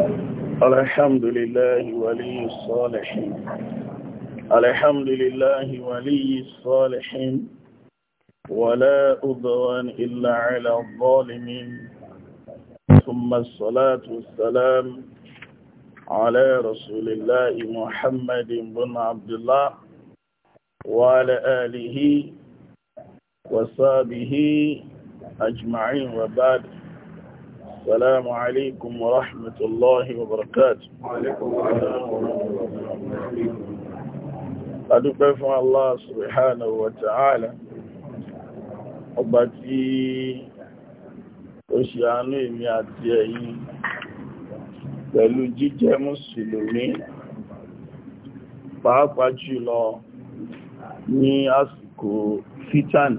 الحمد لله ولي الصالحين الحمد لله ولي الصالحين ولا أضوان إلا على الظالمين ثم الصلاة والسلام على رسول الله محمد بن عبد الله وعلى آله وصحبه أجمعين وبعد السلام عليكم ورحمة الله وبركاته وعليكم السلام الله Allah subhanahu wa ta'ala pẹ̀lú jíjẹ́ mùsùlùmí pàápàá jùlọ ní àsìkò fitan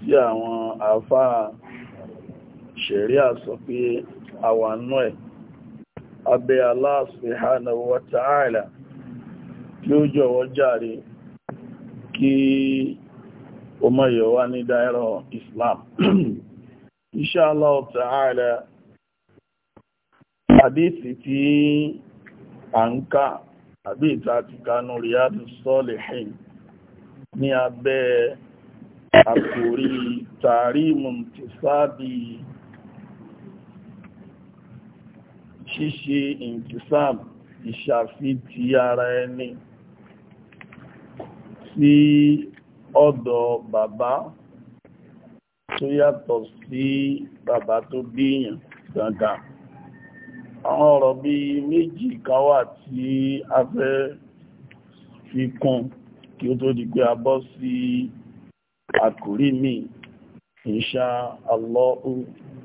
tí àwọn àfáà ṣẹ̀ríà sọ pé àwa nú ẹ̀ abẹ́ Allah subhanahu wa ta'ala kí ó jọ̀wọ́ jàre kí o mọ̀ yọ wá ní dáírà Islam Insha Allah ta'ala àdíìsì tí a ń ká àbí ìta ti kanú Riyadu Salihin ní abẹ́ àkòrí tàrí mùntìsáàbì ṣíṣe intisab ìṣàfitì ara ẹni sí ọ̀dọ̀ bàbá tó yàtọ̀ sí bàbá tó bíyàn gangan àwọn ọ̀rọ̀ bí méjì kan wà tí a fẹ́ fi kún kí ó tó di pé a bọ́ sí àkórí mi insha Allahu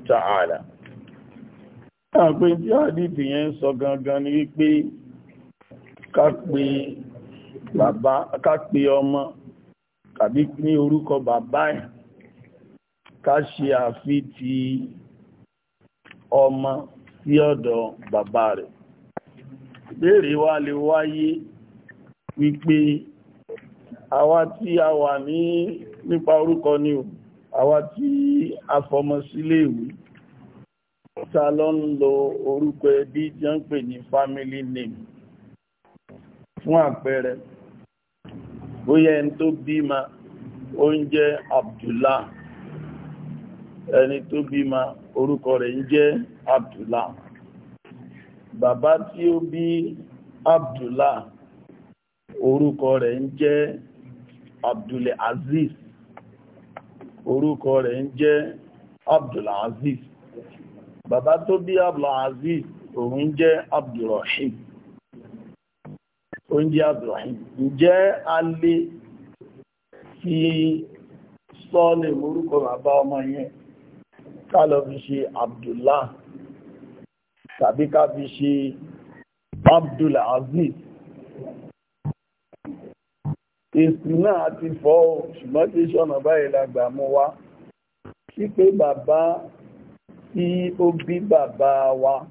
ta'ala àpé tí àdìtì yẹn sọ gangan ni wípé ká pe bàbá ká pe ọmọ tàbí ní orúkọ bàbá ẹ̀ ká ṣe àfi ti ọmọ sí ọ̀dọ̀ bàbá rẹ̀ ìbéèrè wa lè wáyé wípé àwa tí a wà ní nípa orúkọ ni o àwa tí a fọmọ sílé ìwé ta ló ń lo orúkọ ẹbí jẹ́ ń pè ní family name fún àpẹẹrẹ bóyá ẹni tó bímọ ó Abdullah ẹni tó bímọ orúkọ rẹ̀ ń jẹ́ Abdullah bàbá tí ó bí Abdullah orúkọ rẹ̀ ń jẹ́ Abdul Aziz orúkọ rẹ̀ ń jẹ́ Abdul Aziz bàbá tó bí abdulaziz òun jẹ́ abdulrahim òun jẹ́ abdulrahim ǹjẹ́ a lè fi sọ́ọ̀lẹ̀ orúkọ bàbá ọmọ yẹn ká lọ fi ṣe abdullah tàbí ká fi ṣe abdulaziz èsì náà ti fọ́ ṣùgbọ́n tí ṣọ́nà báyìí la gbà mú wá sí pé bàbá tí ó bí bàbá wa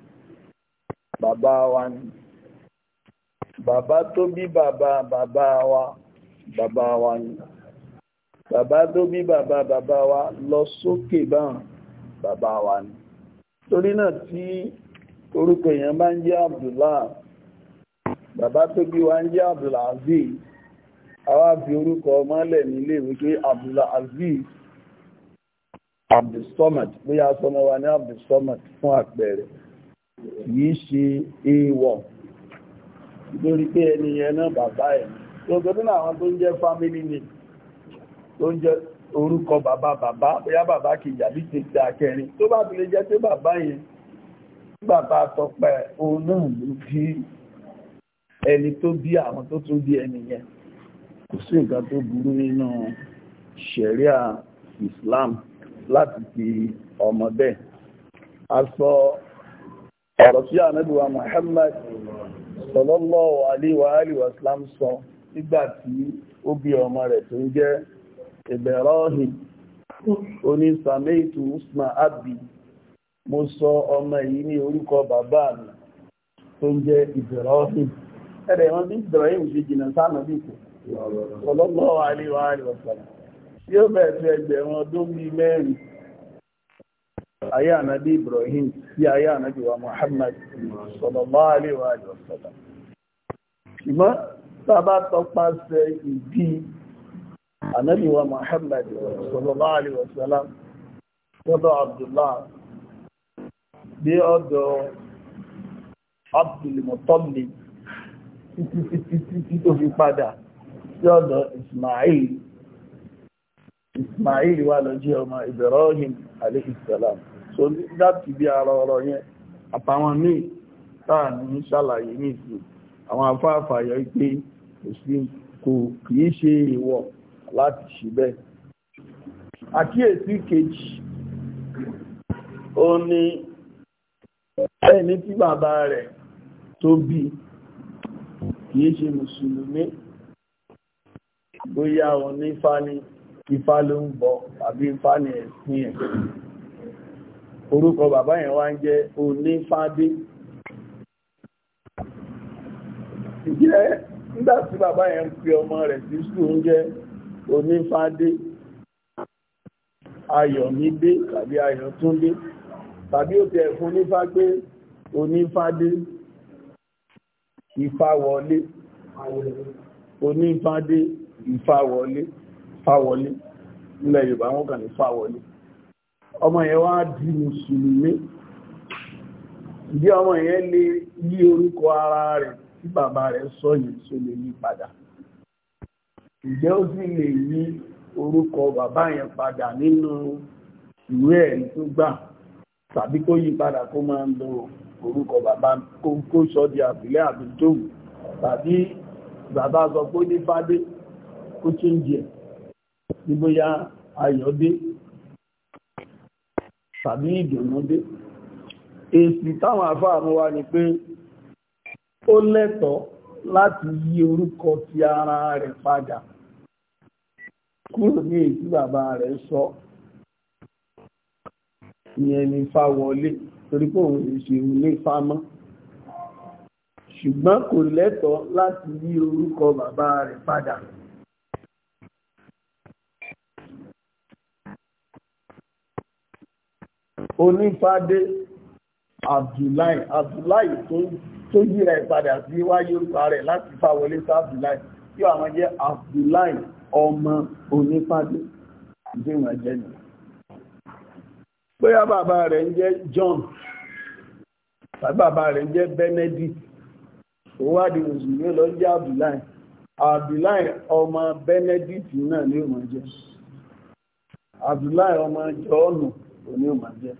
bàbá wa ni bàbá tó bí bàbá bàbá wa bàbá wa ni bàbá tó bí bàbá bàbá wa lọ sókè báwọn bàbá wa ni torí náà tí orúkọ èèyàn bá ń jẹ́ Abdullah bàbá tó bí wa ń jẹ́ Abdulaziz àwa fi orúkọ ọmọ lẹ̀ nílé ìwé pé Abdulaziz abdulsomad bóyá sọmọ wa ní abdulsomad fún àpẹẹrẹ yìí ṣe èèwọ̀ lórí pé ẹni yẹn náà bàbá ẹ̀ tó gbọ́dún àwọn tó ń jẹ́ family name tó ń jẹ́ orúkọ bàbá bàbá bóyá bàbá kejì àbí kejì àkẹrin tó bá fi lè jẹ́ pé bàbá yẹn bàbá tọpẹ òun náà ló bí ẹni tó bí àwọn tó tún bí ẹni yẹn kò sí nǹkan tó burú nínú ṣẹ̀ríà Islam láti fi ọmọ bẹ́ẹ̀. a sọ ọ̀rọ̀ sí ànábìwá Muhammad sallallahu alaihi wa alihi wa sallam sọ nígbà tí ó bí ọmọ rẹ̀ tó ń jẹ́ Ibrahim oní sàmẹ́ìtù usma abi mo sọ ọmọ yìí ní orúkọ bàbá mi tó ń jẹ́ Ibrahim ẹ̀rẹ̀ wọn bí Ibrahim ṣe jìnnà sánà bí kò sallallahu alaihi wa alihi yóò bẹ̀rẹ̀ sí ẹgbẹ̀rún ọdún bíi mẹ́rin ayé ànábì Ibrahim sí ayé ànábì wa Muhammad sallallahu alaihi wa sallam ṣùgbọ́n sábà tọpasẹ̀ ìdí ànábì wa Muhammad sallallahu alaihi wa sallam lọ́dọ̀ Abdullah dé ọ̀dọ̀ Abdul Muttalib títí títí títí tó fi padà sí ọ̀dọ̀ Ismail Ismail wà lọ jẹ́ ọmọ Ibrahim aleyhisselam so láti bí ara ọ̀rọ̀ yẹn àtàwọn míì táà ní ṣàlàyé ní ìsìn àwọn afáàfà yọ pé kò kìí ṣe ìwọ̀ láti ṣe bẹ́ẹ̀ àkíyèsí kejì ó ní ẹni tí bàbá rẹ̀ tó bí kìí ṣe mùsùlùmí bóyá onífá ni ifá ló ń bọ àbí ifá ní ẹ̀sìn ẹ̀ orúkọ bàbá yẹn wá ń jẹ́ onífádé ìjẹ́ nígbà tí bàbá yẹn ń pe ọmọ rẹ̀ sí skul ń jẹ́ onífádé ayọ̀mídé tàbí ayọ̀túndé tàbí ó tẹ̀ fún onífá pé onífádé ìfáwọlé onífádé ìfáwọlé fáwọlé nílẹ̀ Yorùbá wọ́n kàn ní fáwọlé ọmọ yẹn wá di mùsùlùmí ìdí ọmọ yẹn lè yí orúkọ ara rẹ̀ tí bàbá rẹ̀ sọ yìí tó lè yí padà ǹjẹ́ ó sì lè yí orúkọ bàbá yẹn padà nínú ìwé ẹ̀rí tó gbà tàbí kó yí padà kó máa ń lo orúkọ bàbá kó sọ di àbílẹ̀ àbí tóun tàbí bàbá sọ pé ó ní fádé kó tún jẹ níbóyá ayọ̀dé tàbí ìdùnnúdé èsì táwọn àfáà mú wá ni pé ó lẹ́tọ̀ọ́ láti yí orúkọ ti ara rẹ̀ padà kúrò ní èyí tí bàbá rẹ̀ sọ ìyẹn ni fáwọlé torí pé òun ìṣèlú ní fámọ́ ṣùgbọ́n kò lẹ́tọ̀ọ́ láti yí orúkọ bàbá rẹ̀ padà onífádé abdullahi abdullahi tó yíra ìpadà sí wáyé orúkọ rẹ̀ láti fà wọlé sí abdullahi yóò àwọn jẹ́ abdullahi ọmọ onífádé ìdíwọ̀n jẹ́ nìyà bóyá bàbá rẹ̀ ń jẹ́ john tàbí bàbá rẹ̀ ń jẹ́ benedict ìwádìí mùsùlùmí lọ jẹ́ abdullahi abdullahi ọmọ benedict náà ní ó máa jẹ́ abdullahi ọmọ jọ́ọ̀nù òní ó máa jẹ́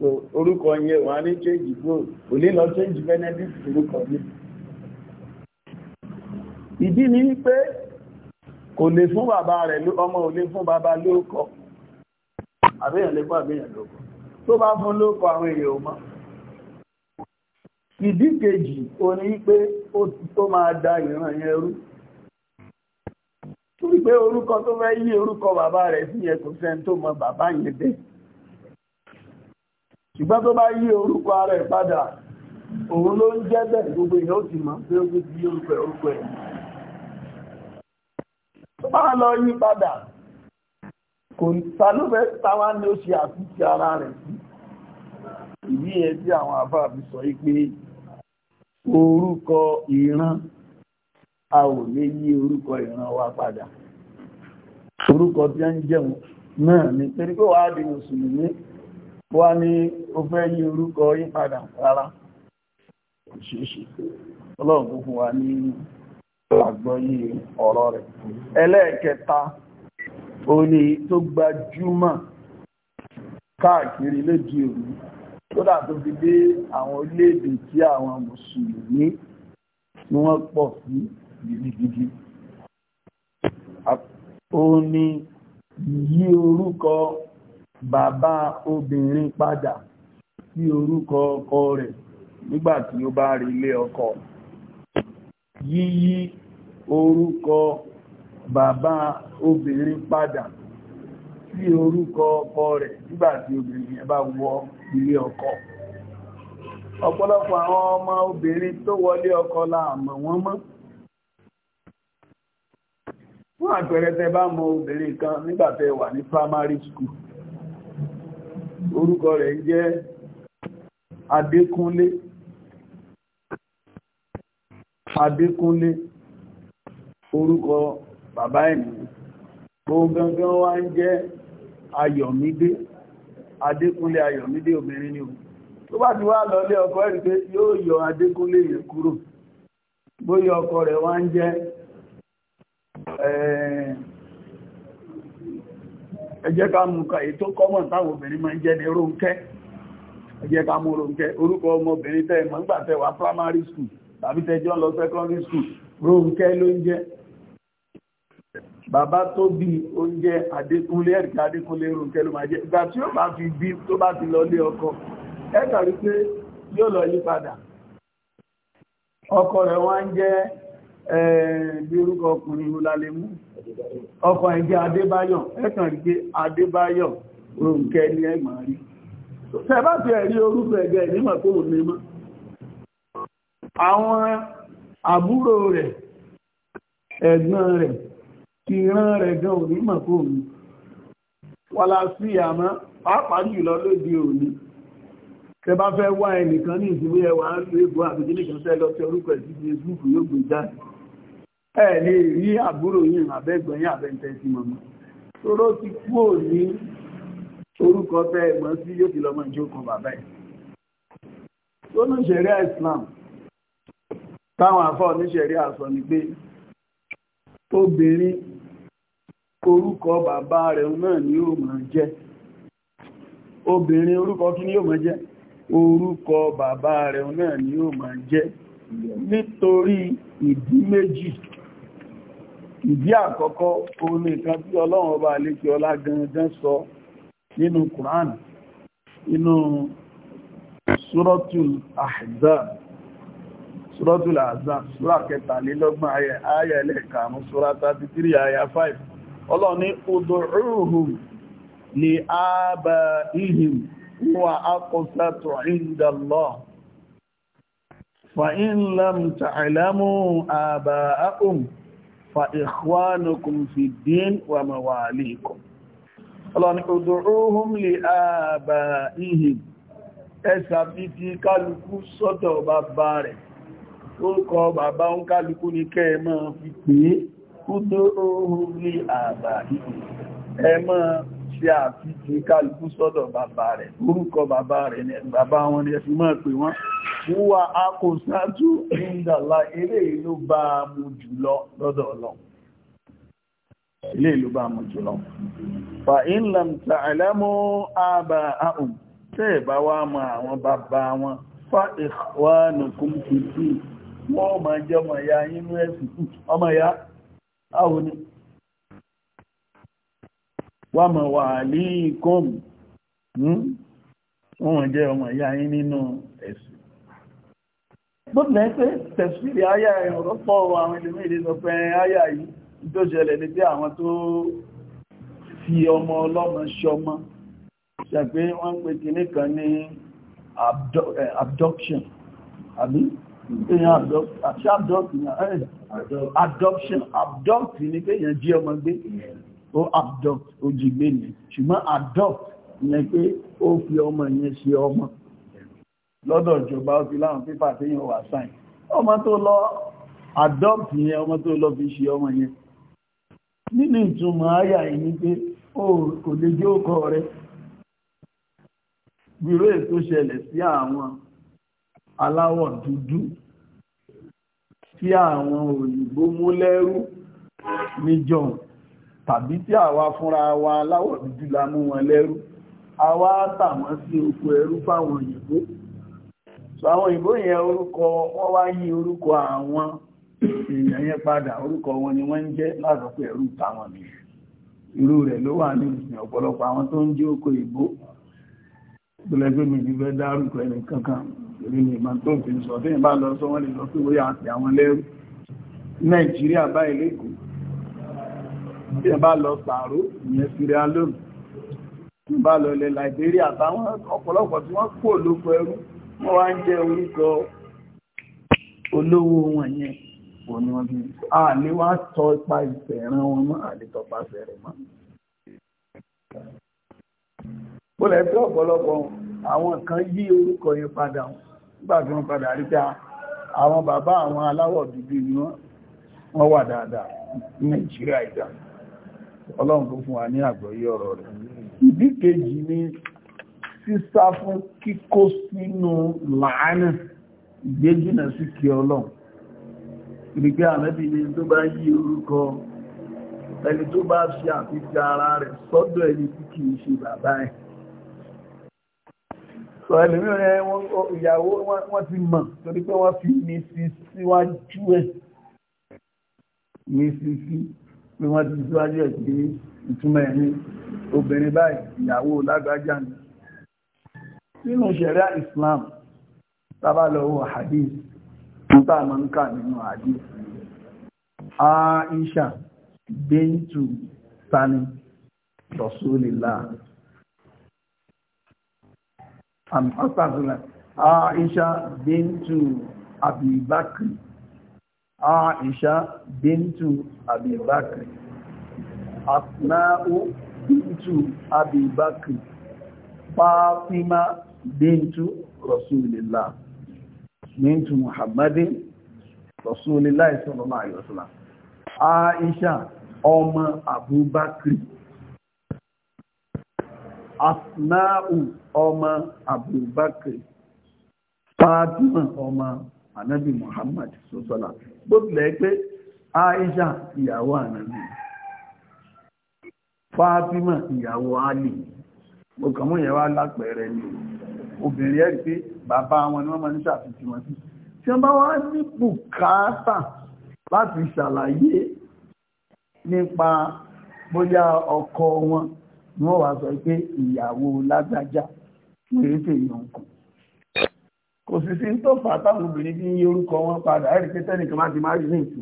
so orúkọ yẹn wọ́n á ní change bro kò ní lọ change benedict orúkọ mi ìdí ni pé kò lè fún bàbá rẹ̀ ọmọ ò lè fún bàbá lóókọ àbẹ́yàn lè fún àbẹ́yàn lóókọ tó bá fún lóókọ àwọn èèyàn ò mọ̀ ìdí kejì o ní pé ó máa da ìran yẹn rú torí pé orúkọ tó fẹ́ yí orúkọ bàbá rẹ̀ sí yẹn kò sẹ́ni tó mọ bàbá yẹn bẹ́ẹ̀ ṣùgbọ́n tó bá yí orúkọ ara ẹ̀ padà òun ló ń jẹ́ bẹ́ẹ̀ gbogbo èèyàn ó ti mọ̀ pé ó ti yí orúkọ ẹ̀ orúkọ ẹ̀ tó bá lọ yí padà kò tàlúfẹ́ táwa ni ó ṣe àtúnṣe ara rẹ̀ sí ìdí ẹ̀ tí àwọn àbá fi sọ yí pé orúkọ ìran a ò lè yí orúkọ ìran wa padà orúkọ tí a ń jẹun náà ni pé kó wàá di mùsùlùmí wá ní o fẹ́ yí orúkọ yí padà rárá ṣeéṣe ọlọ́run fún wa ní àgbọ́yé ọ̀rọ̀ rẹ̀ ẹlẹ́ẹ̀kẹta ó ní tó gbajúmọ̀ káàkiri lédi òní kódà tó fi dé àwọn orílẹ̀-èdè tí àwọn mùsùlùmí ni wọ́n pọ̀ sí gidigidi ó yí orúkọ bàbá obìnrin padà sí orúkọ ọkọ rẹ̀ nígbàtí ó bá rí ilé ọkọ yíyí orúkọ bàbá obìnrin padà sí orúkọ ọkọ rẹ̀ nígbàtí obìnrin yẹn bá wọ ilé ọkọ ọ̀pọ̀lọpọ̀ àwọn ọmọ obìnrin tó wọlé ọkọ láàmọ̀ wọ́n mọ́ fún àpẹẹrẹ bá mọ obìnrin kan nígbà wà ní primary school orúkọ rẹ̀ ń jẹ́ Adékúnlé Adékúnlé orúkọ bàbá ẹ̀mí ohun gangan wá ń jẹ́ Ayọ̀mídé Adékúnlé Ayọ̀mídé obìnrin ni o tó bá ti wá lọlé ọkọ ẹ̀rí pé yóò yọ Adékúnlé yẹn kúrò bóyá ọkọ rẹ̀ wá ń jẹ́ ẹ̀ẹ́ ẹ jẹ́ ká mú ká ètò kọ́mọ̀ táwọn obìnrin máa ń jẹ́ ní Rónkẹ́ ẹ jẹ́ ká mú orúkọ ọmọbìnrin tẹ́ nígbà primary school tàbí tẹ́jọ́ lọ secondary school Rónkẹ́ ló ń jẹ́ bàbá tó bí oúnjẹ Adékúnlé ẹ̀ríkà Adékúnlé ọkọ rí pé yóò lọ Eh, bí orúkọ ọkùnrin ìhùlà lè mú ọkọ̀ ẹgbẹ́ Adébáyọ̀ ẹ̀kàn rí pé Adébáyọ̀ Rónkẹ́ ní rí ti ẹ̀rí orúkọ ẹgbẹ́ ìnímọ̀ tó wù ní mọ́ àwọn àbúrò rẹ̀ ẹ̀gbọ́n rẹ̀ rán rẹ̀ gan onímọ̀ tó wù wọ́lá sí àmọ́ pàápàá jùlọ lóde òní tẹ bá wá ẹnìkan ní ẹwà ń lé ìbò ẹ̀ lè rí àbúrò yìí àbẹ́gbọ̀n yìí àbẹ́ntẹ́ sí mọ̀mọ́ ti kú ò ní orúkọ tẹ́ ẹ̀gbọ́n sí yóò ti lọ́mọ ìjókòó bàbá ẹ̀ tó ní ṣẹ̀rí Islam táwọn afọ́ ní ṣẹ̀rí àsọ ni pé obìnrin orúkọ bàbá rẹ̀ náà ni ó máa jẹ́ obìnrin orúkọ kí ni ó máa jẹ́ orúkọ bàbá rẹ̀ náà ni ó máa jẹ́ nítorí ìdí méjì ìdí àkọ́kọ́ òun nìkan tí ọlọ́run ọba àlékí ọlá gangan sọ nínú Qur'an inú Suratul Ahzab Suratul Ahzab súrà kẹtàlélọ́gbọ̀n ayẹ 33 ayẹ 5 ọlọ́run ní ud'uuhum li aabaihim huwa aqsatu 'inda Allah fa in lam ta'lamu fa ikhwanukum fi din wa mawalikum ọlọ́ni ud'uhum li abaihim ẹsà bí ti kálukú sọ́dọ̀ bàbá rẹ̀ orúkọ bàbá ń kálukú ní kẹ́ ẹ máa fi pè é ud'uhum li abaihim ẹ máa ṣe àfíjì kálukú sọ́dọ̀ bàbá rẹ̀ orúkọ bàbá rẹ̀ ní bàbá wọn ni ẹ̀fí máa pè wọ́n wúwa akọ̀sátú ìndàlá eré ìlú bá mú jùlọ lọ́dọ̀ ọlọ́ ilé ìlú bá mú jùlọ fa inlam ta'alamu àbà ahùn tẹ́ ẹ̀ bá wá mọ àwọn bàbá wọn fa ikhwanukum fìdí wọ́n máa jẹ́ ọmọ ìyá yínú ẹ̀sìn ọmọ ìyá àwọn ni wà mọ̀ wà líkùn wọ́n jẹ́ ọmọ ìyá yín nínú ẹ̀sìn gbọ́dọ̀ pé tẹ̀sílì ayá ọ̀rọ̀ pọ̀ àwọn ìlúmí ìdí sọ pé ayá yìí tó ṣẹlẹ̀ ní pé àwọn tó fi ọmọ ọlọ́mọ ṣọmọ ṣe pé wọ́n pè kìíní kan ní abduction àbí èèyàn abduction abduct ni pé èèyàn jí ọmọ gbé ó adopt ó jí gbé ní ṣùgbọ́n adopt yẹn pé ó fi ọmọ yẹn ṣe ọmọ lọ́dọ̀ ìjọba ó fi láwọn pépà téèyàn wà sáìn ọmọ tó lọ adopt yẹn ọmọ tó lọ fi ṣe ọmọ yẹn nínú ìtumọ̀ àyà yìí ni pé ó kò lè jẹ́ ọkọ rẹ̀ bíró ètò ṣẹlẹ̀ sí àwọn aláwọ̀ dúdú tí àwọn òyìnbó mú lẹ́rú níjọun tàbí tí àwa fúnra wa aláwọ̀ dúdú la mú wọn lẹ́rú àwa tà wọ́n sí oko ẹrú fáwọn òyìnbó so àwọn òyìnbó yẹn orúkọ wọ́n wá yí orúkọ àwọn èèyàn yẹn padà orúkọ wọn ni wọ́n ń jẹ́ látọ̀pọ̀ ẹrú táwọn nìyẹn irú rẹ̀ ló wà ní ìsìn ọ̀pọ̀lọpọ̀ àwọn tó ń jẹ́ oko ìbò gbẹlẹgbẹ mi ní dárúkọ ẹni kankan èmi ní ìmọ̀ tó fi sọ tí ìbá lọ sọ wọ́n lè lọ sí orí àti àwọn lẹ́rú nàìjíríà báyìí lẹ́kọ̀ọ́ tí bá lọ sàárò ìyẹn Sierra Leone tí bá lọ ilẹ̀ Liberia àtàwọn ọ̀pọ̀lọpọ̀ tí wọ́n kó lóko ẹrú wọ́n wá ń jẹ orúkọ olówó wọn yẹn òun ni wọ́n fi à ní wá tọ ipa ìfẹ̀ràn wọn mọ́ àdìtọ̀pasẹ̀ rẹ̀ mọ́. ó lẹ̀ tí ọ̀pọ̀lọpọ̀ àwọn kan yí orúkọ yẹn padà nígbà tí wọ́n padà rí pé àwọn bàbá àwọn aláwọ̀ dúdú ni wọ́n wà dáadáa ní Nàìjíríà ìdáná ọlọ́run kó fún wa ní àgbọ́yé ọ̀rọ̀ rẹ̀ ìdí kejì ni sísá fún kíkó sínú làánà ìgbéjìnà sí kí ọlọ́run ìrìgbé àmẹ́bí ni tó bá yí orúkọ ẹni tó bá fi àfihàn ara rẹ̀ sọ́dọ̀ ẹni tí kì í ṣe bàbá ẹ̀ sọ ẹlòmíràn ìyàwó wọ́n ti mọ̀ pé wọ́n ti síwájú ẹ̀ pé ìtumọ̀ ẹni obìnrin báyìí ìyàwó lágbájá ni nínú ṣẹ̀ríà Islam tábà lọ́wọ́ hadith tó tá àmọ́ ń kà nínú hadith Aisha bintu tani Rasulillah Aisha bintu Abi Bakr Aisha bintu Abi Bakr Asma'u bintu Abi Bakr Fatima bintu Rasulillah bintu Muhammadin Rasulillah sallallahu alaihi wasallam Aisha ọmọ Abu Bakr Asma'u ọmọ Abu Bakr Fatima Anabi Muhammad sallallahu alaihi wasallam bó tilẹ̀ pé Aisha ìyàwó ànàbì Fatima ìyàwó Ali mo kàn mú yẹn wá lápẹẹrẹ ni obìnrin ẹ̀rí pé bàbá wọn ni wọ́n máa ń ṣàfihàn wọn sí tí wọ́n bá wá ní bùkátà láti ṣàlàyé nípa bóyá ọkọ wọn ni wọ́n wá sọ pé ìyàwó lágbájá fún èéfèèyàn kan kò sì sí tó fà táwọn obìnrin fi ń yí orúkọ wọn padà ẹ̀rí pé tẹ́nìkan máa ti máa rí ní ìtù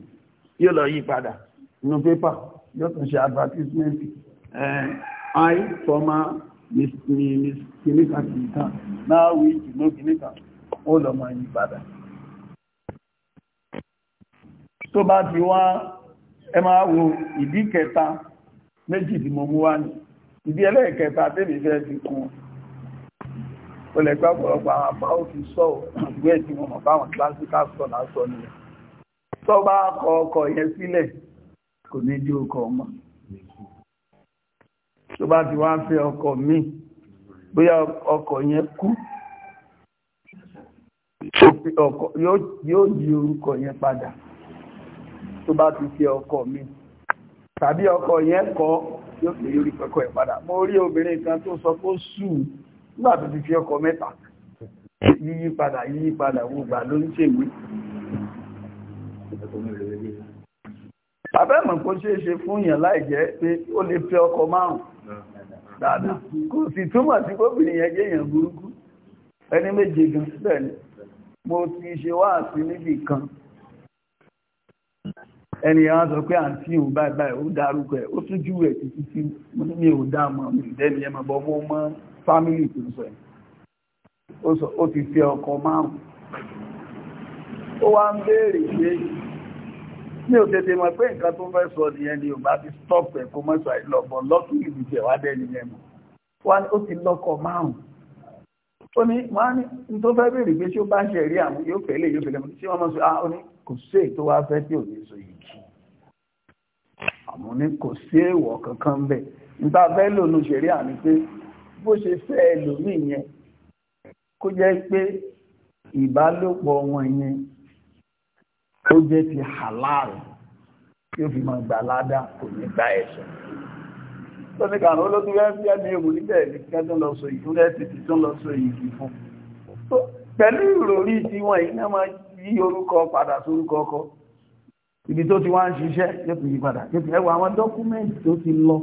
yóò lọ yí padà nínú pépà yóò tún ṣe advertisement i former miss miss kìnìkan kìnìkan náà wí ìgbìmọ̀ kìnìkan ó lọ máa yí padà tó bá ti wá ẹ máa wo ìdí kẹta méjì tí wá ní ìdí ẹlẹ́ẹ̀kẹta tẹ́mi fẹ́ kún un ó lè gbá ọ̀pọ̀lọpọ̀ àwọn àbá ó fi sọ ìwé tí wọ́n mọ̀ báwọn classical sọ lásọ nílẹ̀ tó bá kọ ọkọ̀ yẹn sílẹ̀ kò ní dí ọkọ̀ ọmọ tó bá ti wá ń fẹ́ ọkọ̀ míì bóyá ọkọ̀ yẹn kú yóò di orúkọ yẹn padà tó bá ti fẹ́ ọkọ̀ míì tàbí ọkọ̀ yẹn kọ́ yóò fi orí pẹ̀kọ̀ ẹ̀ padà mo rí obìnrin kan tó sọ pé ó sùn nígbà tó ti fi ọkọ mẹ́ta yíyí padà yíyí padà gbogbo ló ń ṣèwé abẹ́ mọ̀ kó ṣeé ṣe fún yàn láì jẹ́ pé ó lè fẹ́ ọkọ márùn-ún dáadáa kò sì túmọ̀ sí kóbìnrin yẹn jẹ́ èèyàn burúkú ẹni méje gan bẹ́ẹ̀ ni mo ti ṣe wá sí níbì kan ẹnìyàn sọ pé àǹtí òun báyìí báyìí ó dárúkọ ẹ̀ ó tún júwèé títí tí mo ní mi ò dá mọ̀ mi ìdẹ́niyẹmọ̀ bọ́ mo mọ́ fámílì tó sọ ẹ̀ ó ti fẹ́ ọkọ márùn ó wá ń béèrè pé ní òtètè mọ̀ pé nǹkan tó fẹ́ sọ nìyẹn ni ò bá ti stop ẹ̀ kó mọ́sọ̀ àìlọ́bọ̀ lọ́kì ìbìjẹ̀ wá dẹ́ nìyẹn mọ̀ wá ní ó ti lọ́kọ márùn ó ní wọ́n ní ní tó fẹ́ béèrè pé tí ó bá ṣe rí àmú yóò fẹ́lẹ̀ yóò fẹ́lẹ̀ tí wọ́n mọ̀ sí ah ó ní kò sí èyí tó wá fẹ́ tí ò ní sọ yìí kì àmú ní kò sí èèwọ̀ kankan bẹ́ẹ̀ níta fẹ́ lónú ṣe rí àmì pé bó ṣe fẹ́ ẹlòmíì yẹn kó jẹ́ pé ìbálòpọ̀ wọn yẹn ó jẹ́ ti halal tí ó fi máa gbà ládá kò ní gba ẹ̀ṣẹ̀ lọ́sí kan ó lókún rẹ́ fíẹ́ ní ewu níbẹ̀ ní kí tún lọ so ìlú rẹ̀ títí tún lọ so ìlú fún pẹ̀lú ìròrí tí wọ́n yìí náà máa yí orúkọ padà sórúkọ ọkọ ibi tó ti wá ń ṣiṣẹ́ yóò fi yí padà yóò fi ẹwà àwọn dọ́kúmẹ́ǹtì tó ti lọ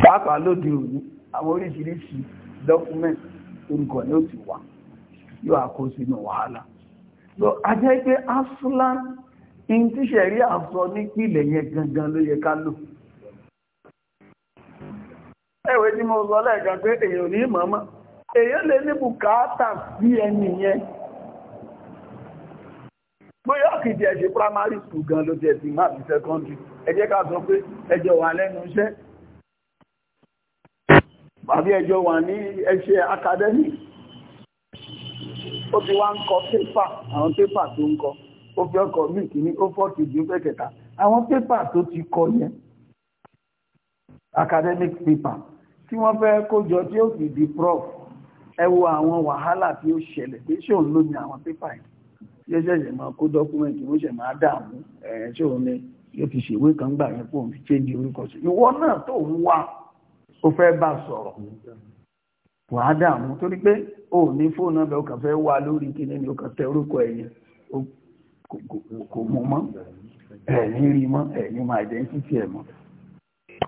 pàápàá lóde òní àwọn oríṣiríṣi document orúkọ ni ó ti wà yóò àkó sínú wàhálà so a jẹ́ pé aslan in tí ṣẹ̀rí àsọ nípìnlẹ̀ yẹn gangan ló yẹ ká lò ẹ̀wẹ̀ tí mo sọ lẹ́ẹ̀kan pé èèyàn ní màmá èèyàn lè ní bùkátà sí ẹni yẹn bóyá kìí ẹ̀ṣẹ̀ primary school gan ló jẹ́ sí máàbí secondary ẹ ká sọ pé ẹjọ́ wà lẹ́nu iṣẹ́ àbí ẹjọ́ wà ní ẹṣẹ́ academy ó ti wá ń kọ pépà àwọn pépà tó ń kọ ó fi ọkọ̀ bí ìkíní ó fọ́ọ̀tì ju pẹ́kẹ̀ta àwọn pépà tó ti kọ yẹn academic paper tí wọ́n fẹ́ kójọ tí ó fi di prof ẹ wo àwọn wàhálà tí ó ṣẹlẹ̀ pé ṣòun ló ní àwọn pépà yìí yóò ṣẹ̀ṣẹ̀ máa kó dọ́kúmẹ̀ntì ó ṣẹ̀ máa dààmú ẹ̀ ṣòun ni yóò ti ṣèwé kan gbà yẹn fún òun fi ṣe di orúkọ sí ìwọ náà tó ń wá ó fẹ́ bá sọ̀rọ̀ wàá tó rí pé ó ní fóònù ọbẹ̀ ó fẹ́ wà lórí ni ó tẹ orúkọ ẹ̀yìn kò mú mọ́ ẹ̀yìn rí mọ́ ẹ̀yìn máa identity ẹ̀ mọ́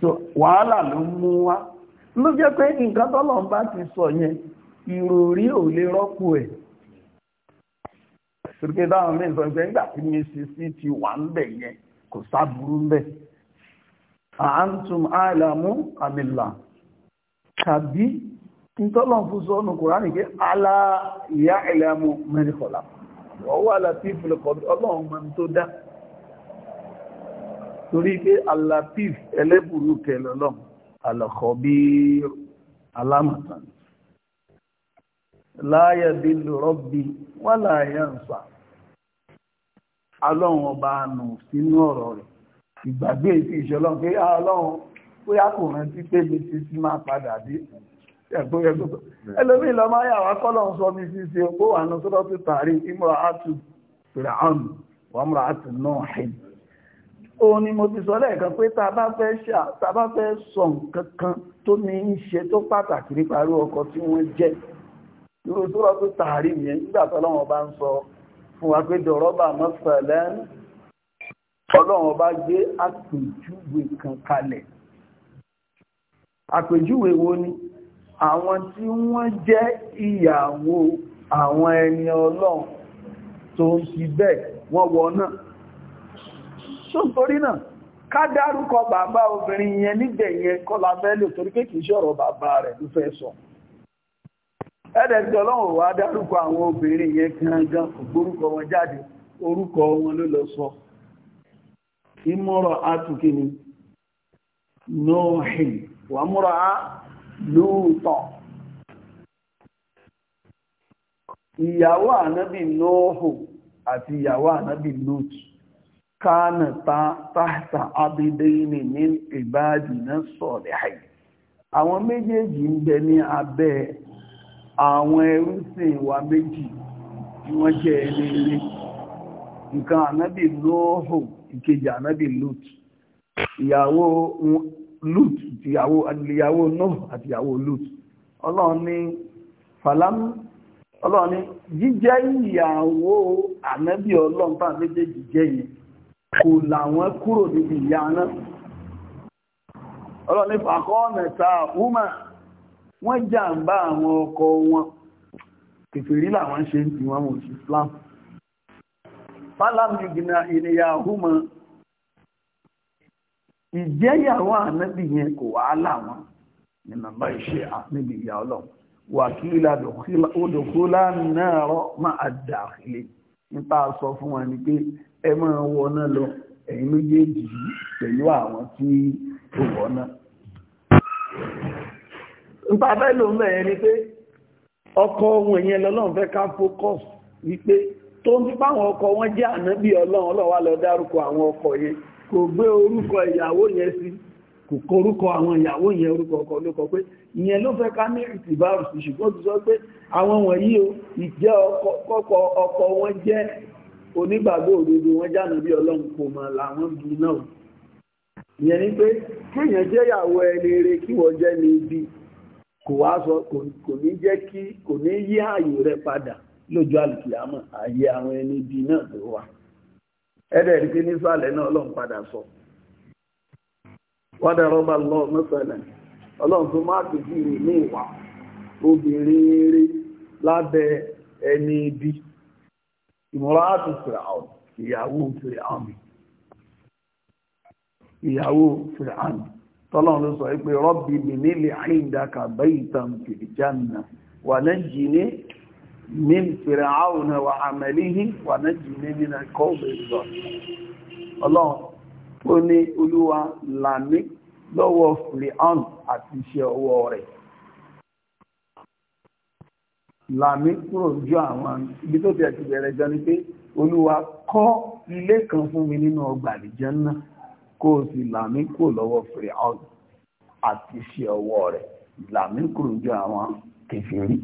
so wàhálà ló mú wá ló jẹ́ pé nǹkan tọ́lọ̀ ń bá ti sọ yẹn ìròrí ò lè rọ́pò ẹ̀ dáhùn nígbà tí mi sí ti wà ń bẹ̀ yẹn kò sábúrú ń bẹ̀ àántùm àìlàmú àmìlà tàbí ìtọ́lọ̀ fún sọ́nù kòránì pé alá ìyá ìlàmú mẹ́rìnkọ̀lá ọwọ́ alátíf lẹ́kọ̀ọ́dún ọlọ́run mẹ́rin tó dá torí pé alátíf ẹlẹ́bùrú kẹlọ́lọ́m alọ́kọ̀bí alámọ̀tán láyé dìlù rọ́bì wọ́n láyé ń ìgbàgbé ìfi ìṣọ́lọ́n pé á ah, ọlọ́run bóyá kò rántí pé mi ti sí máa padà dé ẹlòmí lọ máa yàwá kọ́lọ̀n sọ mi sí ṣe ó wà ní sọ́dọ̀ tó tààrí ìmúra àtù fìràhàn wàmúra àtù náà hìn ó ní mo ti sọ lẹ́ẹ̀kan pé tá bá fẹ́ sọ nǹkan kan tó ní í ṣe tó pàtàkì nípa irú ọkọ tí wọ́n jẹ́ irú sọ́dọ̀ tó tààrí yẹn nígbà tọ́lọ́wọ́n bá ń sọ fún wa pé dọ̀rọ́bà mọ́sàlẹ́ ọlọ́run bá gbé àpèjúwe kan kalẹ̀ àpèjúwe wo ni àwọn tí wọ́n jẹ́ ìyàwó àwọn ẹni ọlọ́run tó ń fi bẹ́ẹ̀ wọ́n wọ náà tó ń torí náà ká dárúkọ bàbá obìnrin yẹn níbẹ̀ yẹn kọ́lá torí pé kìí ṣọ̀rọ̀ bàbá rẹ̀ ló fẹ́ sọ gangan kò wọn jáde orúkọ wọn ló ìmọ̀rọ̀ àtùkì ni nóòhìn wà mọ́rọ̀ á lóòtọ̀ ìyàwó ànábì nóòhù àti ìyàwó ànábì lóòtù kánà táhta abidẹ́yìnì ní ìbáàdìná sọ̀rẹ̀ àwọn méjèèjì ń bẹ ní abẹ́ àwọn ẹrúsìn wa méjì wọ́n jẹ́ nǹkan ànábì lóòhù ìkejì ànábì lut ìyàwó lut ìyàwó ìyàwó nóòhù àti ìyàwó lut ọlọ́run ní jíjẹ́ ìyàwó ànábì ọlọ́run tá méjèèjì jẹ́ yẹn kò làwọn kúrò níbi ìyá náà ọlọ́run ní fàkọ́ọ̀nẹ̀ta wúmà wọ́n jàǹbá àwọn ọkọ wọn kèfèrí làwọn ṣe ń wọ́n mọ̀ sí fálámìgìnà ìníyàhúmọ ìjẹ́yàwó ànábì yẹn kò wá láwọn ní nàbá iṣẹ́ ànábì ìyá ọlọ́run wà kí ìlàdòkúlá náà rọ máa dà ilé nípa sọ fún wa ni pé ẹ máa wọ náà lọ ẹ̀yin méjèèjì yìí pẹ̀lú àwọn tí ó wọ nípa bẹ́ẹ̀ ló ń pé ọkọ ohun ẹ̀yẹn lọ́lọ́run fẹ́ ká fókọ̀sì wípé tó ń fi páwọn ọkọ wọn jẹ́ ànábì ọlọ́run ọlọ́wà lọ dárúkọ àwọn ọkọ yẹn kò gbé orúkọ ìyàwó yẹn sí kò kọrúkọ àwọn ìyàwó yẹn orúkọ ọkọ ló kọ pé ìyẹn ló fẹ́ ká ní ìtìbárùs ṣùgbọ́n ti sọ pé àwọn wọ̀nyí o ìjẹ́ ọkọ ọkọ wọn jẹ́ onígbàgbọ́ òdodo wọn jẹ́ ànábì ọlọ́run kò mọ̀ làwọn bu náà ìyẹn ni pé kéèyàn jẹ́ ìyàwó ẹni rere kí wọ́n jẹ́ ní ibi kò kò ní jẹ́ kí kò ní yí ààyè rẹ padà lójú àlùkìyàmọ̀ ààyè àwọn ẹni bí náà ló wà ẹ̀rẹ̀ rí pé nísàlẹ̀ náà ọlọ́run padà sọ wádà rọ́bà lọ́ọ̀ mẹ́sàlẹ̀ ọlọ́run tó má tó sí ìrìn ní ìwà obìnrin eré lábẹ́ ẹni ibi ìmọ̀ra àtúnfẹ̀ àwọn ìyàwó fẹ̀ àmì ìyàwó fẹ̀ àmì tọ́lọ́run ló sọ pé rọ́bì mi nílẹ̀ àìndàkà bẹ́yìí tàn fìdíjánà náà jì ní من fir'auna وعمله amalihi wa najini min al-qawmi adh-dhalimin Ọlọ́run ó ní Olúwa là mí lọ́wọ́ fir'aun àti iṣẹ́ ọwọ́ rẹ̀ là mí kúrò jọ àwọn ibi tó ti àti bẹ̀rẹ̀ jọ ni pé Olúwa kọ́ ilé kan fún mi nínú ọgbà àlìjẹ́nnà kó o sì là kúrò lọ́wọ́ fir'aun àti iṣẹ́ ọwọ́ rẹ̀ là kúrò jọ àwọn kèfèrí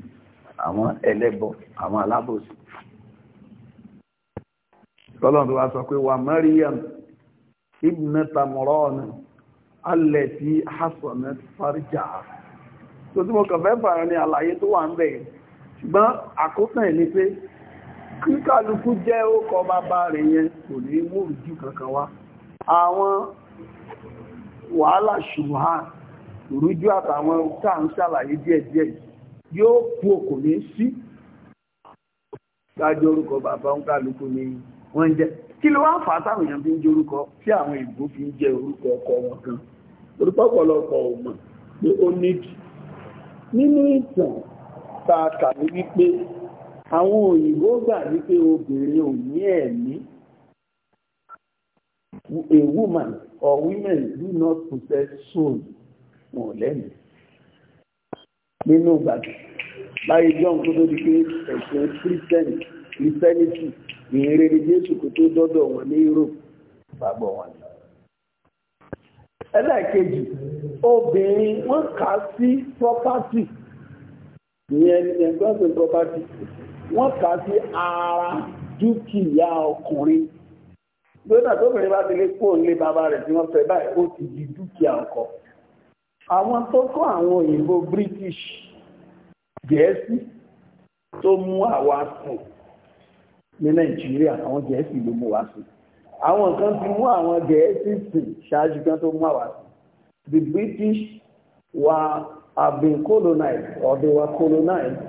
àwọn ẹlẹ́bọ àwọn alábòsí tọ́lọ́n tó wá sọ pé wà Maryam ibnata Imran allati hasanat farja tó tí mo kàn fẹ́ fààrin ní àlàyé tó wà ń bẹ̀ ṣùgbọ́n àkótán ẹ̀ ni pé kíkàlùkù jẹ́ ó kọ bàbá rẹ̀ yẹn kò ní mú ìjú kankan wá wàhálà ṣùgbọ́n rújú àtàwọn tá ń ṣàlàyé díẹ̀díẹ̀ yìí yóò kú òkò ní sí ṣáájú orúkọ bàbá ń kálukú ní wọ́n ń jẹ́ kí ló wá fà á táwọn èèyàn fi ń jẹ́ orúkọ tí àwọn ìbò fi ń jẹ́ orúkọ ọkọ wọn kan orúkọ ọ̀pọ̀lọpọ̀ ò mọ̀ pé ó nídìí nínú ìtàn ta kàwé wípé àwọn òyìnbó gbà wípé obìnrin ò ní ẹ̀mí a woman or women do not possess soul wọn ò nínú ìgbàgbé láyé john tó tó di pé ẹ̀sìn kírísítẹ́nì kírísítẹ́nìtì ìrere jésù kò tó dọ́dọ̀ wọn ní europe gbàgbọ́ wọn ni. ẹlẹ́ẹ̀kejì obìnrin wọ́n kà á sí property ìyẹn ẹ̀ńtọ́sìn property wọ́n kà á sí ara dúkìá ọkùnrin lónà tóbìnrin bá ti lè kó òun lé bàbá rẹ̀ tí wọ́n fẹ́ báyìí ó ti di dúkìá ọkọ àwọn tó kọ́ àwọn òyìnbó British Gẹ̀ẹ́sì tó mú àwa sùn ní Nàìjíríà àwọn Gẹ̀ẹ́sì ló mú wa sùn àwọn kan ti mú àwọn Gẹ̀ẹ́sì sùn ṣáájú kan tó mú àwa sùn the British were have been colonized or they were colonized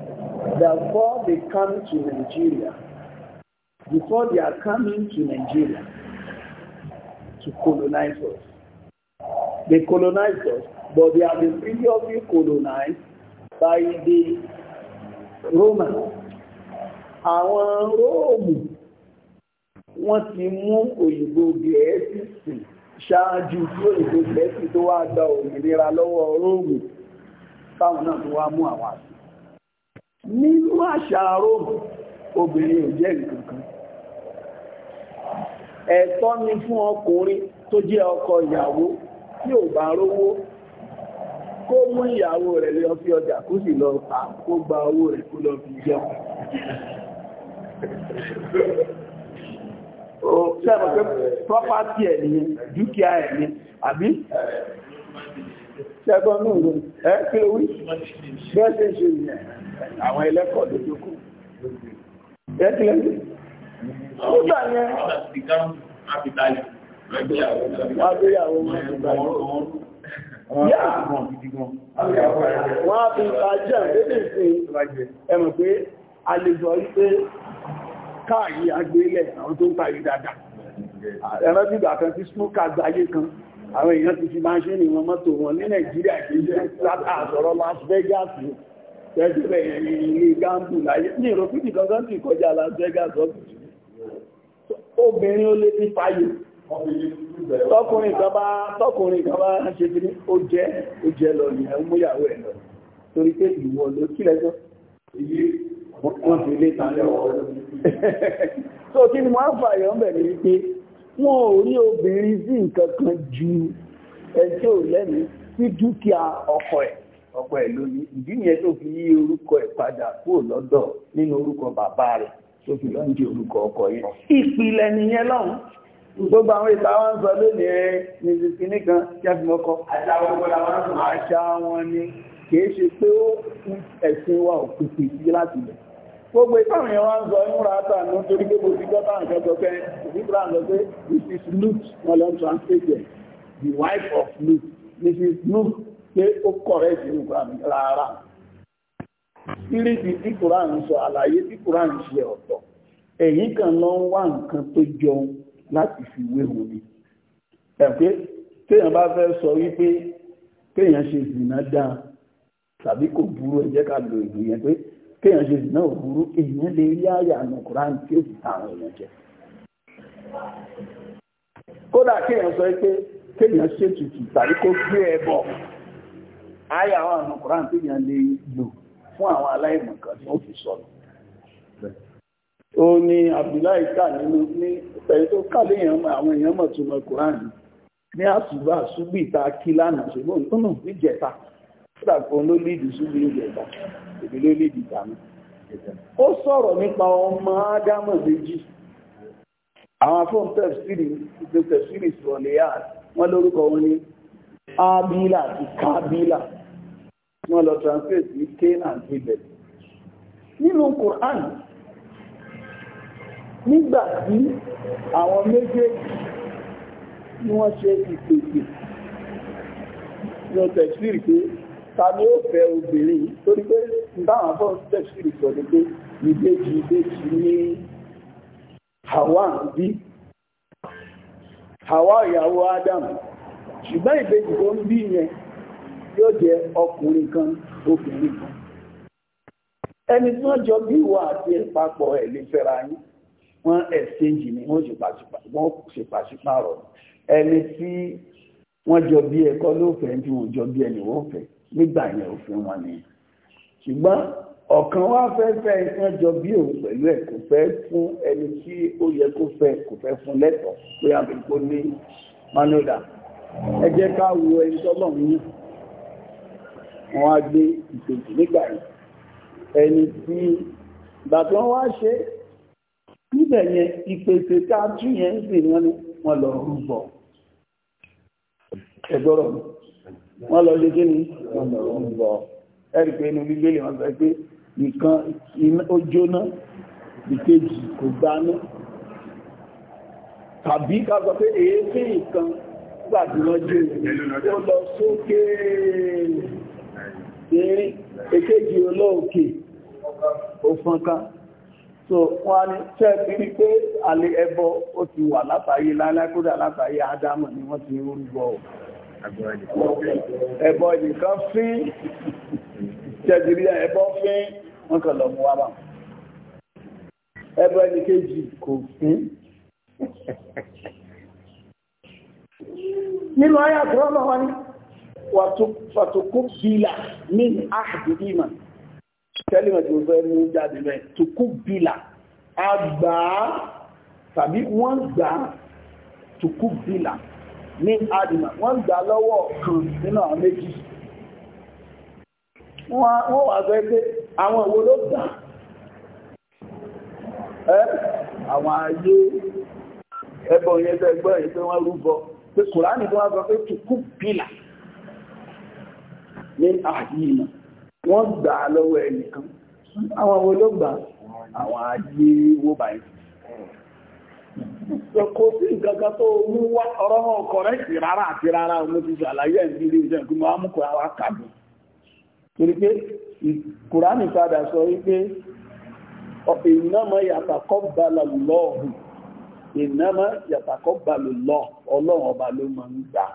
therefore they come to Nigeria before they are coming to Nigeria to colonize us they colonized us but they have been previously colonized by the Romans. Àwọn Róòmù wọ́n ti mú òyìnbó Gẹ̀ẹ́sì sí ṣáájú tí òyìnbó Gẹ̀ẹ́sì tó wá gba òmìnira lọ́wọ́ Róòmù táwọn náà tó wá mú àwọn àti. Nínú àṣà Róòmù, obìnrin ò jẹ́ nǹkan. Ẹ̀tọ́ ni fún ọkùnrin tó jẹ́ ọkọ ìyàwó tí ò bá rówó kó mú ìyàwó rẹ̀ lọ sí ọjà kó sì lọ pa kó gba owó rẹ̀ kó lọ fi jẹun sẹ́rọ̀ pé property ẹ̀ ni dúkìá ẹ̀ ni àbí ṣẹ́gbọ́n náà ló ẹ́ pé orí bẹ́ẹ̀ṣẹ́ ṣe ìyẹn àwọn ẹlẹ́kọ̀ọ́ ló tó kú ẹ́kìlẹ́ nígbà yẹn wọ́n gbéyàwó mẹ́rin Wọ́n á fi ajẹ́ ìgbébì sí ẹmọ̀ pé a lè jọ wípé káàyí agbélẹ̀ àwọn tó ń tàrí dáadáa. Ẹ̀rọ bí ìgbà kan tí snooker gbáyé kan, àwọn èèyàn ti fi máa ṣe ní wọn mọ́tò wọn ní Nàìjíríà kì í jẹ́ látàzọ̀rọ̀ Las Vegas tẹ́júlẹ̀ ilé gámbù láyé. Ní ìrọ̀kútì kan kan ti kọjá Las Vegas ọ́pùtù. Obìnrin ó lé ní fáyé tọkùnrin kan bá tọkùnrin kan bá ṣe kí ní ó jẹ́ ó jẹ́ lọ ní ẹ̀hún múyàwó ẹ̀ lọ torí pé ìwọ ló kí lẹ́jọ́ wọ́n fi lé tàlẹ́ ọ̀rọ̀ so kí ni wọ́n fàyọ̀ ń bẹ̀rẹ̀ wípé wọn ò rí obìnrin sí nǹkan kan ju ẹjọ́ lẹ́nu sí dúkìá ọkọ ẹ̀ ọkọ ẹ̀ lónìí ìdí nìyẹn tó fi yí orúkọ ẹ̀ padà kúrò lọ́dọ̀ nínú orúkọ bàbá rẹ̀ tó fi lọ́ndì gbogbo àwọn ìta wọ́n sọ lónìí nìsìsì nìkan tí a fi mọ́kọ́ àṣà wọn ni kìí ṣe pé ó ẹ̀sìn wa ò pèsè sí láti lẹ̀ gbogbo ìtàwọn yẹn wá ń sọ ìmúra àtàánú torí pé mo ti gọ́ta nǹkan sọ pé ìfipra sọ pé mrs luke wọn lọ translate the wife of luke mrs luke pé ó correct nínú kura mi rárá síríìtì tí kura ń sọ àlàyé tí kura ń ṣe ọ̀tọ̀ èyí kan lọ ń wá nǹkan tó jọun láti fi wéwo ni ẹ̀pẹ́ téèyàn bá fẹ́ sọ wípé kéèyàn ṣe ìsìnà dáa tàbí kò burú ẹ jẹ́ ká lo ìlú yẹn pé kéèyàn ṣe ìsìnà ò burú èèyàn lè rí àyà àna kúránì tí ó sì ta àwọn èèyàn jẹ kódà kéèyàn sọ pé kéèyàn ṣètùtù tàbí kó gbé ẹbọ àyà àwọn àna kúránì téèyàn lè lò fún àwọn aláìmọ̀kan tí wọ́n fi sọ̀rọ̀ ó ní Abdullahi ká nínú ní pẹ̀lú tó kálé àwọn èèyàn mọ̀ tó mọ̀ kùránì ní àsùbà ṣúgbì ìta kí lánàá ṣùgbọ́n tó nù níjẹta sídàpọ̀ ló lídì ṣúgbì ìjẹta èdè ló lídì ìtàmì ó sọ̀rọ̀ nípa ọmọ ádámọ̀ méjì àwọn afọ́n tẹ̀sírì sọ̀lẹ̀ yá wọ́n lórúkọ wọn ní abila àti kábílà wọ́n lọ translate ní kéènà àti ibẹ̀ nínú Kùránì n'ígbàtí àwọn méjèèjì ní wọ́n ṣe ìpèsè ní ọ̀tẹ̀ sírì pé ta ni ó fẹ́ obìnrin torí pé ní pé ní Hawa bí Hawa ìyàwó Adam ṣùgbọ́n ìbejì tó ń bí yẹn yóò jẹ ọkùnrin kan obìnrin kan ẹni tí wọ́n jọ bí wọ́n exchange ni wọ́n ṣe pàṣípàrọ̀ ẹni tí wọ́n jọ bí ẹ̀kọ́ ló fẹ́ tí wọ́n jọ bí ẹni wọ́n fẹ́ nígbà yẹn òfin wọn ni ṣùgbọ́n ọ̀kan wá fẹ́ fẹ́ ìkan jọ bí òun pẹ̀lú ẹ̀ kò fẹ́ fún ẹni tí ó yẹ kó fẹ́ kò fẹ́ fún lẹ́tọ̀ọ́ pé àbíkó ní manoda ẹ jẹ́ ká wo ẹni tọ́lọ́run yìí wọ́n á gbé ìpèjì nígbà yẹn ẹni tí bàtí wọ́n wá ṣe é níbẹ̀ yẹn ìpèsè tájú yẹn sì wọ́n ní wọ́n lọ rúbọ ẹgbọ́rọ̀ wọ́n lọ lé kí ni wọ́n lọ rúbọ ẹ̀rì pé inú bíbélì wọ́n sọ pé nìkan ó jóná ìkejì kò gbaná tàbí ká sọ pé èéfín nìkan gbàdí wọ́n jẹ́ ó lọ sókè eré èkejì olóòkè ó fọ́nká so wọ́n á ní tẹ́ bí i pé alẹ́ ẹbọ ó ti wà látàyé lálákúdà látàyé ádámù ni wọ́n ti rú bọ́ ẹbọ nìkan fín tẹ́jìrí ẹbọ fín wọ́n kàn lọ mú wa bá ẹbọ ẹnìkejì kò fín nínú ayé àtúrọ́mọ́ wọn ni wàtúkú bílà ní àdìdí màá kẹ́lìmọ̀ tí ó fẹ́ mú jáde rẹ̀ tó kú bílà àgbà tàbí wọ́n gbà tó kú bílà ní àdìmà wọ́n gbà lọ́wọ́ kan nínú àwọn méjì wọ́n wà fẹ́ pé àwọn ìwò ló gbà ẹ́ àwọn ayé ẹbọ yẹn tẹ́ gbọ́ yìí pé wọ́n rúbọ pé kùránì tó wá sọ pé tó kú bílà ní àdìmà wọ́n gbà á lọ́wọ́ ẹnìkan àwọn àwọn olóògbà àwọn ajé wó báyìí kò sí ìgangan tó mú wá ọ̀rọ̀ kọ̀rẹ́kì rárá àti rárá ọmọ ti ṣàlàyé ìdílé iṣẹ́ ìgbìmọ̀ amúkọ̀ àwọn akàbù torí pé kùránì padà sọ wípé ìnáma yàtàkọ́ balà lọ́ọ̀hù ìnáma yàtàkọ́ balà lọ́ ọlọ́run ọba ló máa ń gbà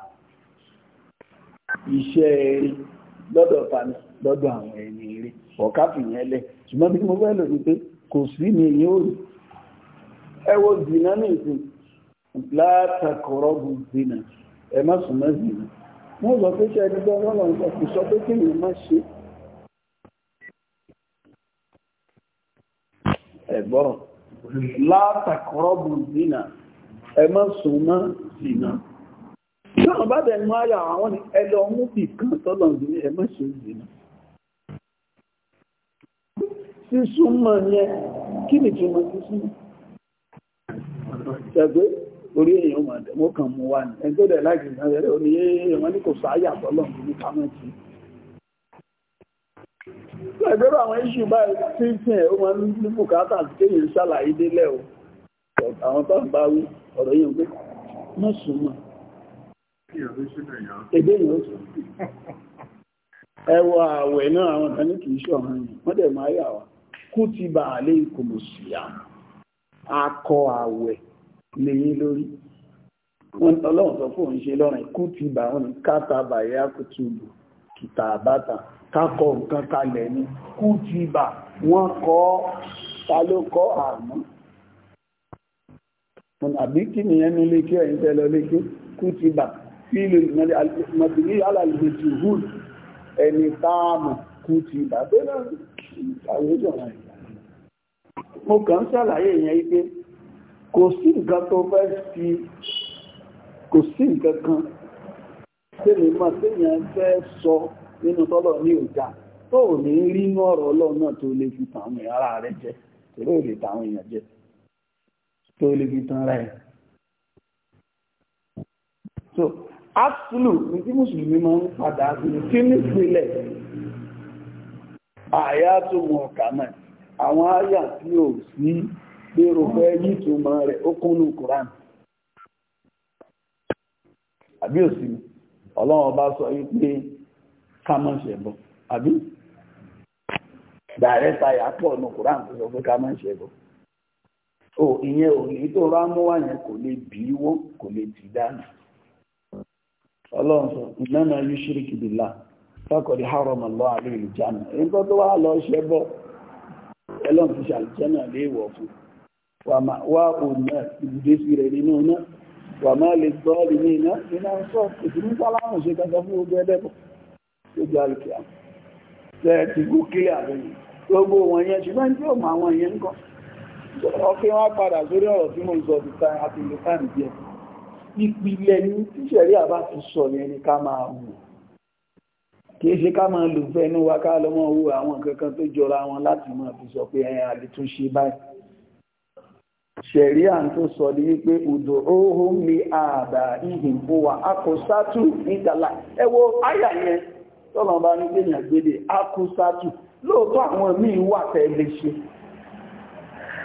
iṣẹ́ lọ́dọ̀ tani lọ́dọ̀ àwọn ẹni eré ọ̀káfì yẹn lẹ̀ ṣùgbọ́n bí mo fẹ́ lò ní pé kò sí ni èyí ò rí ẹ wo zina ní ìsìn látàkọ̀rọ̀ bu zina ẹ má sùn mọ́ zina wọ́n sọ pé ṣe ẹni bẹ́ẹ̀ wọ́n lọ sọ kò sọ pé kéèyàn má ṣe ẹ̀gbọ́n látàkọ̀rọ̀ bu zina ẹ má sùn mọ́ zina náà bá bẹ̀ mú ayà àwọn ẹlọ́mú bì kan tọ́lọ̀ ní ẹ má sísúnmọ̀ yẹn kí ni túnmọ̀ sísúnmọ̀ ṣẹgbẹ́ orí èèyàn mọ́ kàn mú wà ní ẹgbẹ́ rẹ̀ láti ìgbàlẹ̀ orí èèyàn wọn ni. kò sáyà tọ́lọ̀ ní kámẹ́tì ẹgbẹ́rọ àwọn iṣu báyìí tí tí ẹ̀ ó máa ń ní bùkátà tí èèyàn ṣàlàyé délẹ̀ o àwọn tó ń bá wí ọ̀rọ̀ yẹn pé mọ́ súnmọ́ èdè yẹn ó ẹwọ ààwẹ̀ náà àwọn kan ní kìí wọ́n dẹ̀ máa yà wá kútìbà alaykumus siyam akọ àwẹ̀ lẹ́yìn lórí wọ́n ọlọ́run sọ fún òun ṣe lọ́rìn kútìbà wọn ni kátàbà yá kùtùbù kìtà àbáta kákọ nǹkan kalẹ̀ ní kútìbà wọ́n kọ́ ta ló kọ́ àmọ́ àbí kí nìyẹn ní lékí ẹ̀yìn tẹ́lẹ̀ lékí kútìbà fílò ìmọ̀bìlì alàlùmọ̀tì hùl ẹni táàmù kútìbà tó náà àwọn ìjọba yìí mo kàn ṣàlàyé ìyẹn ipé kò sí nǹkan tó fẹ́ fi kò sí nǹkan kan tí lè máa tí èèyàn fẹ́ sọ nínú tọ́lọ̀ ní òjá tó ò ní rí inú ọ̀rọ̀ ọlọ́run náà tó lè fi tàwọn ara rẹ̀ jẹ tẹ̀lé lè tàwọn èèyàn jẹ tó lè fi tàn rẹ̀ so absolu ní tí mùsùlùmí máa ń padà sí ní kí nípìnlẹ̀ àyà tó mọ̀ ọ̀kà náà àwọn àyà tí ò sí gbèrò fẹ́ yìtùmọ̀ rẹ̀ ó kúnnù kùránì àbí òsì ọlọ́run bá sọ wípé kámọ́ṣẹ̀ bọ̀ àbí dàrẹ́ta yàpọ̀ ní kùránì tó sọ pé kámọ́ṣẹ̀ bọ̀ o ìyẹn ò ní tó bá mú wà yẹn kò lè bí wọ́ kò lè ti dánù ọlọ́run sọ ìnáná yushrik billah faqad harama Allahu alayhi al-jannah nǹkan tó wá lọ ẹlọ́n fi ṣàlùjẹ́nà léèwọ̀ fún wà ó náà ibùdó sí rẹ̀ nínú náà wà máa lè gbọ́ rí ní iná iná ń sọ ìdúró sálámù ṣe kankan fún ogun ẹlẹ́bọ̀ tó gba àlùkìá tẹ́ẹ̀tì kú kílẹ̀ àbẹ̀yìn gbogbo wọn yẹn ṣùgbọ́n tí ó mọ àwọn yẹn ń kọ́ ọkẹ́ wọn padà sórí ọ̀rọ̀ tí mo ń sọ ti ta àti díẹ̀ ìpìlẹ̀ ní tíṣẹ̀rí àbá ti sọ yẹn ni ká máa wù kìí ṣe ká máa lò fẹ́ ní wa ká lọ mọ́ owó àwọn kankan tó jọra wọn láti máa fi sọ pé ẹ̀yìn àdìtúnṣe báyìí ṣẹ̀ríà tó sọ ní wípé òdò óhùn lè ààbà ìhìn bó wa akọ̀sátù nítàlá ẹ wo àyà yẹn tọ́nà bá ní gbèyàn gbèdè akọ̀sátù lóòótọ́ àwọn míì wà tẹ́lẹ̀ ṣe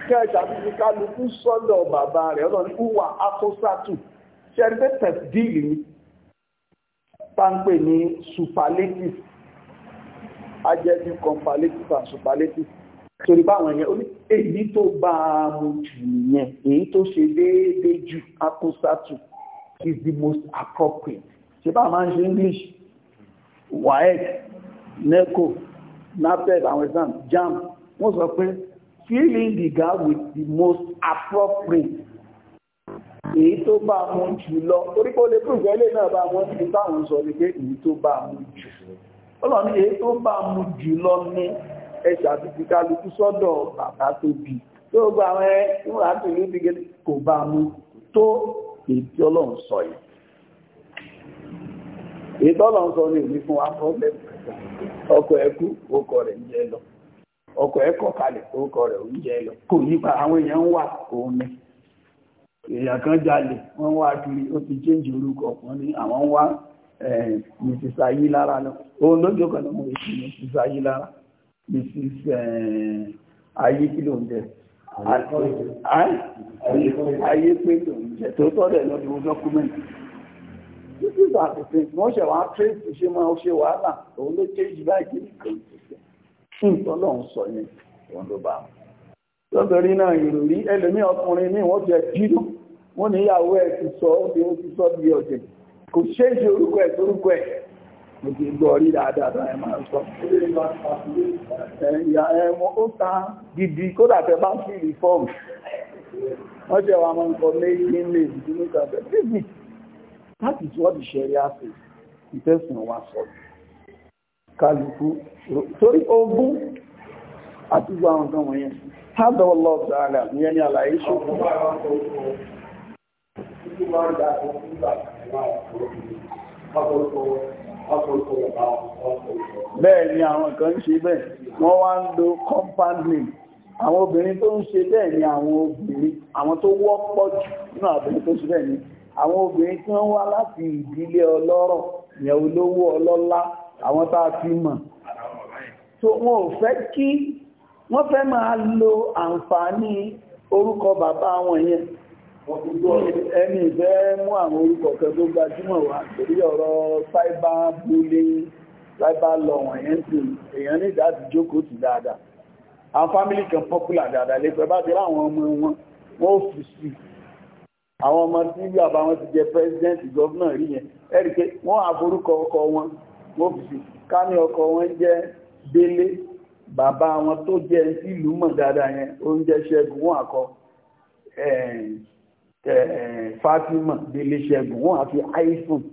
kẹ́ẹ̀ṣàbí táńpè ní superlative adjective comparative and superlative torí báwọn èèyàn orí èyí tó bá mú jù yẹn èyí tó ṣe déédéé jù akúsàtù is the most appropriate ṣe bá máa ń ṣe English waec neco napep àwọn exam jam wọ́n sọ pé filling the gap with the most appropriate èyí tó bá mú jù lọ orípò lè fún ìgbẹ́lẹ̀ náà bá wọ́n ti báwọn sọ ní to èyí tó bá mú jù ọlọ́ èyí tó bá mú jù lọ ní ẹ̀ṣà àti kálukú sọ́dọ̀ bàbá tó bí tó gba àwọn ẹ̀ àti ìlú ti kò bá mú tó èyí tí ọlọ́run sọ yìí èyí tó ọlọ́run lọ ọkọ̀ kalẹ̀ orúkọ rẹ̀ èèyàn kan jalè wọ́n wá kiri ó ti change orúkọ wọ́n ní àwọn wá eh, mrs ayilara lọ òun lójú kan náà mo lè fi mrs ayilara mrs eh, ayé kí ló ń jẹ ayé pé ló ń jẹ tó tọ́ dẹ̀ lọ́dún dọ́kúmẹ́ntì títí ìgbàgbèsè wọ́n ṣe wá tírèsì ṣe máa ṣe wàhálà òun ló change báyìí kí nìkan ìtọ́lọ́run sọ yẹn òun ló bá wọn lọ́bẹ̀rí náà ìròrí ẹlòmí ọkùnrin ní wọ́n jẹ jírú wọ́n ní ìyàwó ẹ̀ ti sọ ó ó ti sọ bí ọ̀jẹ̀ kò ṣeéṣe orúkọ ẹ̀ sórúkọ ẹ̀ mo ti gbọ́ rí dáadáa ẹ máa sọ ìyá ẹ̀wọ̀n ó ta gidi kódà tẹ bá sí ìfọ́ọ̀mù wọ́n jẹ́ wa máa ń kọ méjì lè dúdú ní kàbẹ̀ bíbí láti tí wọ́n ti ṣe rí àṣẹ ìtẹ̀sùn wa sọ kálukú torí ogún àti àwọn nǹkan wọ̀nyẹn هذا والله تعالى يعني على عيش bẹ́ẹ̀ ni àwọn kan ṣe bẹ́ẹ̀ wọ́n wá ń lo compound àwọn obìnrin tó ń ṣe bẹ́ẹ̀ ni àwọn obìnrin àwọn tó wọ́pọ̀ jù nínú àbìnrin tó ṣe bẹ́ẹ̀ ni àwọn obìnrin tí wọ́n wá láti ìdílé ọlọ́rọ̀ olówó ọlọ́lá àwọn tá a ti mọ̀ so wọn ò fẹ́ kí wọ́n fẹ́ máa lo àǹfààní orúkọ bàbá wọn yẹn ẹni ìfẹ́ mú àwọn orúkọ kan gbajúmọ̀ wá torí ọ̀rọ̀ cyber bullying cyber law wọ̀nyẹn tí èèyàn ní ìdájú jókòó sí dáadáa àwọn fámílì kan popular dáadáa lẹ́pẹ́ bá ti ráwọn ọmọ wọn wọ́n fi sí àwọn ọmọ tí bàbá wọn ti jẹ president gọ́vnà rí yẹn ẹ̀rí pé wọ́n àforúkọ ọkọ wọn wọ́n fi sí ká ní ọkọ wọn jẹ́ Délé bàbá wọn tó jẹ́ ìlú mọ̀ dáadáa yẹn oúnjẹ ṣẹ́gun wọn àkọ́ Fatima délé ṣẹ́gun wọn àfi iphone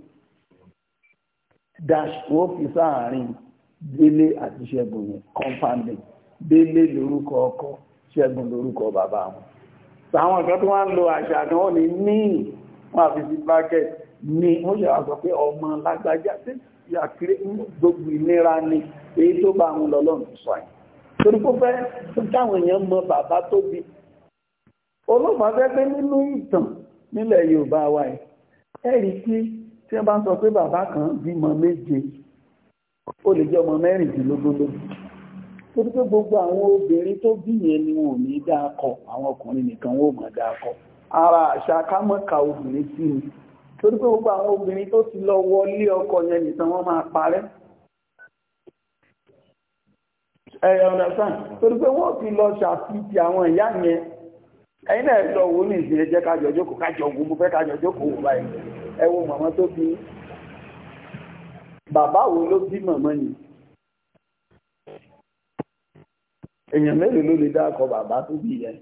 dash wọ́n fi sáàárín délé àti ṣẹ́gun yẹn compounding délé lórúkọ ọkọ ṣẹ́gun lórúkọ bàbá wọn àwọn ìkan tó wá ń lo àṣà kan ó ni ní wọ́n àfi sí bracket ní wọ́n ṣe wá sọ pé ọmọ lágbájá gbogbo ìnira ni èyí tó bá ń lọ lọ́nà sọ àyè torí kó fẹ́ káwọn èèyàn mọ bàbá tó bí olóòfà fẹ́ pé nínú ìtàn nílẹ̀ Yorùbá wa ẹ̀ ẹ̀rí kí tí wọ́n bá sọ pé bàbá kan bímọ méje ó lè jẹ́ ọmọ mẹ́rìndínlógún lóbi torí pé gbogbo àwọn obìnrin tó bí yẹn ni wọn ò ní dáa kọ àwọn ọkùnrin nìkan wọn ò mọ̀ dáa kọ ara àṣà kámọ́ka obìnrin sí ni torí pé gbogbo àwọn obìnrin tó ti lọ wọlé ọkọ yẹn nìkan wọ́n máa parẹ́ ẹ̀yà ọ̀nàsán torí pé wọ́n ti lọ ṣàfihì àwọn ìyá yẹn ẹ̀yìn náà lọ wo ní ìsìn ẹjẹ́ kájọ jókòó kájọ ogun mo fẹ́ kájọ jókòó wò báyìí ẹ wo màmá tó bí bàbá wo ló bí màmá yìí èèyàn mélòó ló lè dákọ bàbá tó bí yẹn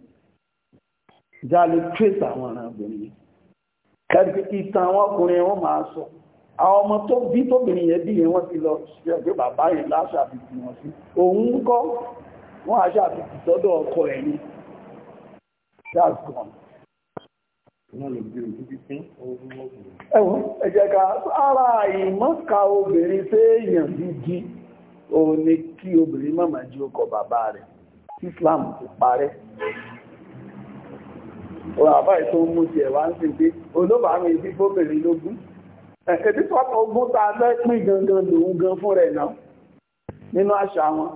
já lè trace àwọn ọ̀ràn obìnrin yìí kẹ́rì ìtàn àwọn ọkùnrin wọn máa sọ àwọn ọmọ tó bí tóbìnrin yẹn bí yẹn wọ́n ti lọ sí ẹgbẹ́ bàbá yẹn láṣà àfìtì wọn sí òun ń kọ́ wọ́n àṣà àfìtì sọ́dọ̀ ọkọ ẹ̀ ni that's gone ẹ̀wọ̀n ẹ̀jẹ̀ ká ara ìmọ́ka obìnrin fẹ́ẹ̀yàn gidi òun ni kí obìnrin má jí ọkọ bàbá rẹ̀ Islam ti parẹ́ àbá ètò mú ti ẹ̀wà ń sìn pé olóbà mi ti gbóbìnrin lógún ẹ̀kẹ́bí tọ́tọ̀ ogún ta lẹ́pìn gangan lòun gan fún rẹ̀ náà nínú àṣà wọn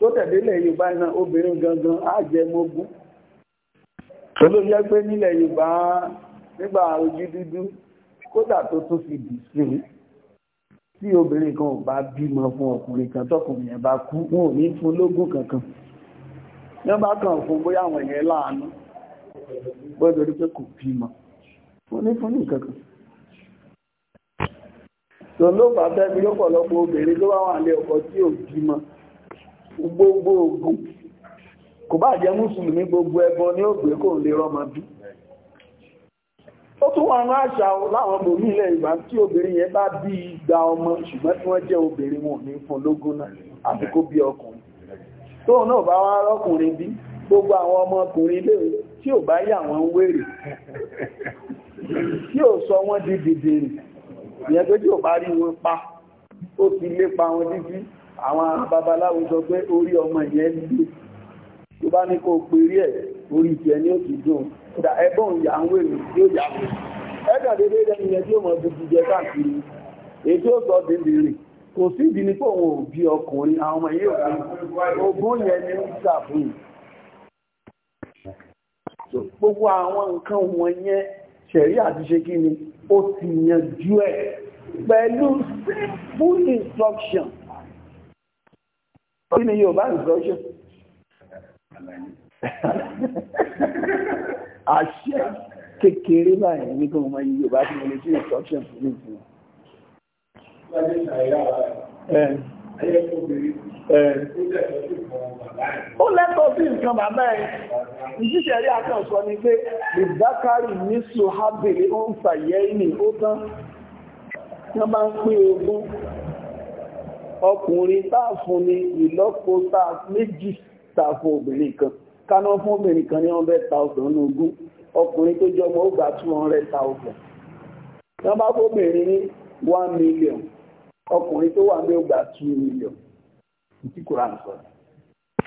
tó tẹ̀lélẹ̀ Yorùbá iná obìnrin gangan á jẹ mógún olóyẹ pé nílẹ̀ Yorùbá nígbà ojú dúdú kódà tó tún fi dì sí tí obìnrin kan ò bá bímọ fún ọkùnrin kan tọkùnrin yẹn bá kú wọn ò ní fún lógún kankan yẹn bá kàn fún bóyá àwọn èèyàn láàánú gbọ́dọ̀ rí pé kò bímọ wọ́n ní fún ní tó ló bá bí lọ́pọ̀lọpọ̀ obìnrin ló bá wà ní ọkọ tí ò ma gbogbo ogun kò bá jẹ́ mùsùlùmí gbogbo ẹbọ ní ògbé kò lè rọmọ bí ó tún wà àṣà láwọn ilẹ̀ yẹn bá bí igba ọmọ ṣùgbọ́n tí wọ́n jẹ́ wọn ní fún lógún náà àti kó bí ọkùnrin tóun náà bá wá rọ́kùnrin bí gbogbo àwọn ọmọkùnrin tí ò bá yà wọ́n wèrè tí ò sọ wọn di dìde ìyẹn tó tí ò bá rí wọn pa ó ti lépa wọn títí àwọn babaláwo sọ pé orí ọmọ yẹn lè tó bá ní kó perí ẹ̀ orí ní òkè dùn ìdá ìyà ń wèrè yóò yà ẹgbà dédé yẹn tí ó mọ̀ bíbi jẹ káàkiri èyí ó sọ kò ní pé òun ò bí ọkùnrin àwọn ọmọ yìí yẹn ní ń sàfihàn gbogbo àwọn nǹkan wọ̀nyẹn ṣẹ̀rí àti ṣe kí ni ó ti yanjú ẹ̀ pẹ̀lú simple instruction kí ni Yorùbá instruction àṣẹ kékeré báyìí ní kí wọ́n máa yí Yorùbá tí lè sí instruction fún mi fún Ó lẹ́tọ̀ sí nǹkan bàbá ẹ̀. Ìjíṣẹ́ rí akẹ́ sọ ni pé, Ìdákàrí ní Ṣòhábèrè ó ń fàyẹ́ ìní ó tán. Wọ́n bá ń pín ogún. Ọkùnrin táà fún ni ìlọ́po táà méjì táà fún obìnrin kan. Káná fún obìnrin kan ní 100,000 ní ogún. Ọkùnrin tó jọmọ ó gbà 200,000. Wọ́n bá fóbìnrin ní 1 million. ọkùnrin tó wà ní ọgbà two million tí Kùránì sọ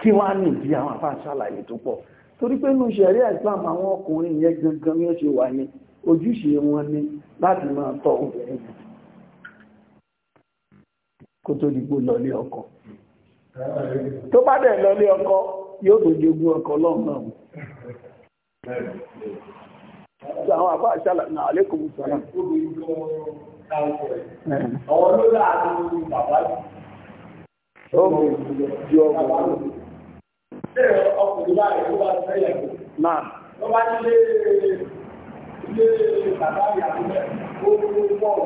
kí wọ́n á nìdí àwọn afáṣàlàyé tó pọ̀ torí pé ní ìṣẹ̀rí Islam àwọn ọkùnrin yẹn gangan ṣe wà ní ojúṣe wọn ni láti máa tọ́ obìnrin kó tó lọlé ọkọ tó ọkọ yóò tó jogún ọkọ lọ́nà àwọn Àwọn ló dá àti bàbá yìí. Ó mú ju ọmọ rẹ̀. Ṣé ọkùnrin báyìí ló bá fẹ́ yẹ̀ Máa. Ló bá ní ilé ilé bàbá ìyàwó rẹ̀ ó kú bọ́ọ̀lù.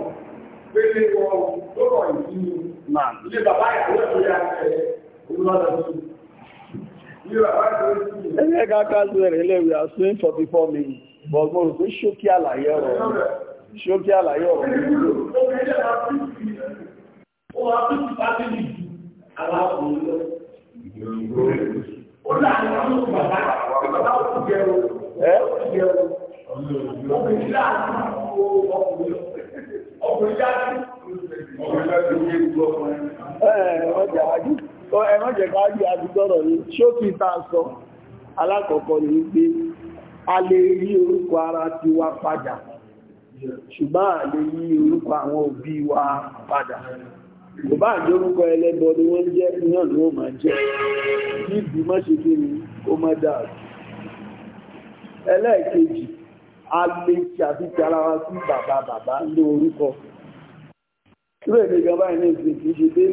Pélé wọn tó rọ̀ yìí. Máa. Ilé bàbá ìyàwó rẹ̀ tó yà ẹ̀ olùlọ́dọ̀ Ẹgbẹ́ ká ká sí ẹ̀rẹ́ lẹ́wẹ̀ àṣírí 44 minutes, but rò pé ṣókí àlàyé ọ̀rọ̀. ṣókí àlàyé ọ̀rọ̀ Ẹ̀mọ́jẹ̀ káàkiri àdúgbọ́rọ̀ ní ṣókí ta sọ alákọ̀ọ́kọ́ ní pé a lè rí orúkọ ara tiwa padà ṣùgbọ́n àlè yí orúkọ àwọn òbí wa padà kò bá àjọ orúkọ ẹlẹ́bọ ni wọ́n jẹ́ náà ni wọ́n máa jẹ́ kí ìbí má ṣe kí ni a lè ṣe àfihàn ara wa sí bàbá bàbá ní orúkọ gaba ní ìsìn kìí ṣe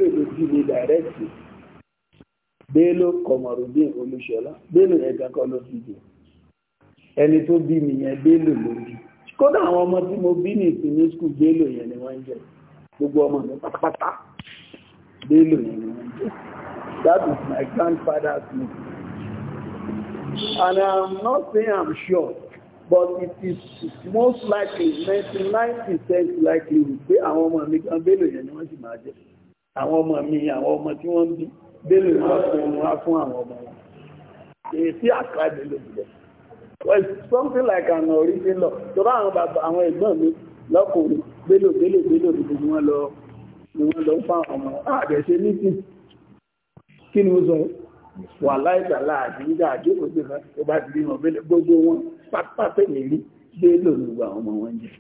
ló bí mi ẹ̀gá kọ́ kódà àwọn ọmọ tí mo bí ní ìsinmi skul bélò yẹn ni wọ́n ń gbogbo ọmọ mi pátápátá bélò yẹn ni wọ́n ń that is my grandfather's name and I'm not saying I'm sure but it is most likely ninety nine percent likely pé àwọn ọmọ mi kan bélò yẹn ni wọ́n sì máa jẹ àwọn ọmọ mi àwọn ọmọ tí wọ́n bí bélò yẹn wọ́n fún àwọn ọmọ wọn èyí sí àkàdé lóbi bẹ́ẹ̀ well something like an origin law tó bá àwọn bàbá àwọn ẹ̀gbọ́n mi lọ́kùnrin bélò bélò bélò ni gbogbo wọn lọ ni wọ́n lọ ń fa ọmọ àbẹ̀ṣe ah, nítì kí ni mo sọ wà láìsà láàbí nígbà àjókòó sí ká tó bá ti bí wọn bélò gbogbo wọn pápápẹ́ lè rí bélò ni gbogbo àwọn ọmọ wọn jẹ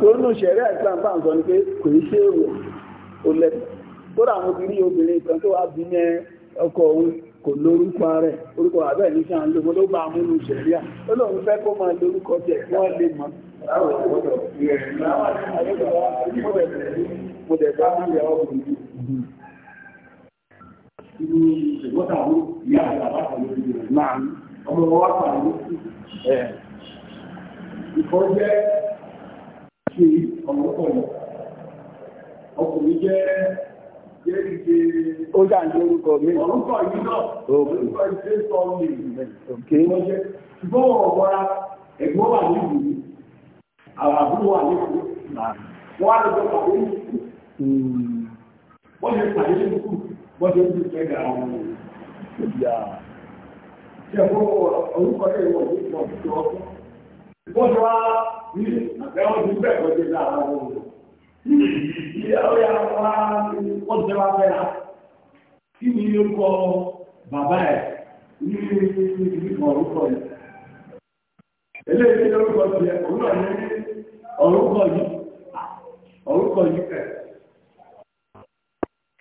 tó nù ṣẹ̀rẹ́ àìsàn bá ń sọ ni pé kò í ṣe èèwọ̀ ó lẹ́tọ̀ọ́ tó rà àwọn obìnrin obìnrin kan tó wá bí ní ọkọ òun kò lórúkọ rẹ̀ orúkọ àbẹ́ ní sáà ń lò bá múnú ṣẹ̀ríà ó lóun fẹ́ kó máa lórúkọ tẹ̀ kí lè ó dà ní orúkọ mi. orúkọ yìí náà orúkọ ìṣe sọ mi. ṣùgbọ́n ọ̀rọ̀ ẹ̀gbọ́n wà ní ìlú àwọn àbúrò wà ní ìlú wọ́n á lọ sọ pàdé hmm. wọ́n pàdé wọ́n gà àwọn orúkọ yẹn wọ̀ ní wọ́n wá ní lọ́jọ́ ìyàwó yà wá ó jẹ́ wá fẹ́ ra kí ni ó kọ bàbá ẹ̀ ní ìdíkọ̀ orúkọ yìí eléyìí orúkọ ti ẹ̀ òun orúkọ yìí orúkọ yìí kẹ̀.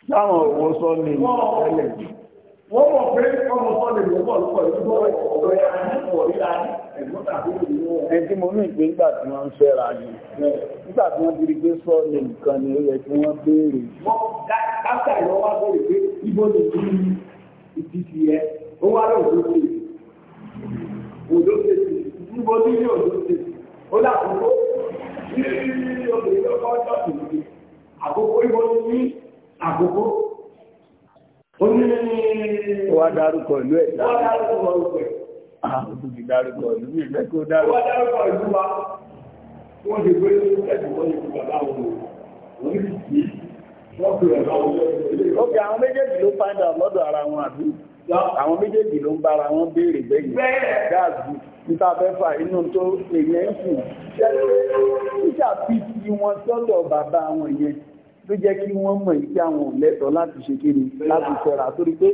Láwọn òwò sọ ni Wọ́n mọ̀ pé ọmọ sọ lè lọ́wọ́ orúkọ yìí ọ̀rọ̀ ẹ̀ àníkọ̀ọ́ rí ẹni tí mo ní ìpé nígbà tí wọ́n ń fẹ́ra ni nígbà tí wọ́n bírí pé sọ ní nǹkan ni ó yẹ kí wọ́n béèrè. káfíà ìwọ wá béèrè pé ibo lè fi ìdí ti yẹ ó wá lọ òdó tèsì òdó tèsì níbo ní ní òdó tèsì ó dàkókò ní obìnrin tó kọ́ ṣọ́ọ̀tì nìyí àkókò ibo ní àkókò ó ní. wọ́n á dárúkọ ìlú ẹ̀ dáa. wọ́n á dárúkọ ìlú ẹ̀ ààbò ti dárúkọ ìlú ìfẹ́ kó dárúkọ ìlú wa wọ́n ti gbé ẹ̀sùn wọ́n ti gbà láwọn òun ní sí Ókè àwọn méjèèjì ló find out lọ́dọ̀ ara wọn àbí àwọn méjèèjì ló ń bára wọn béèrè bẹ́yìn gáàzì níta fẹ́fà inú tó èyẹ ń fún ṣẹ́lẹ̀ ìṣàfihì wọn sọ́dọ̀ bàbá wọn yẹn tó jẹ́ kí wọ́n mọ̀ sí àwọn lẹ́tọ̀ọ́ láti ṣe kí ni láti fẹ́ra torí pé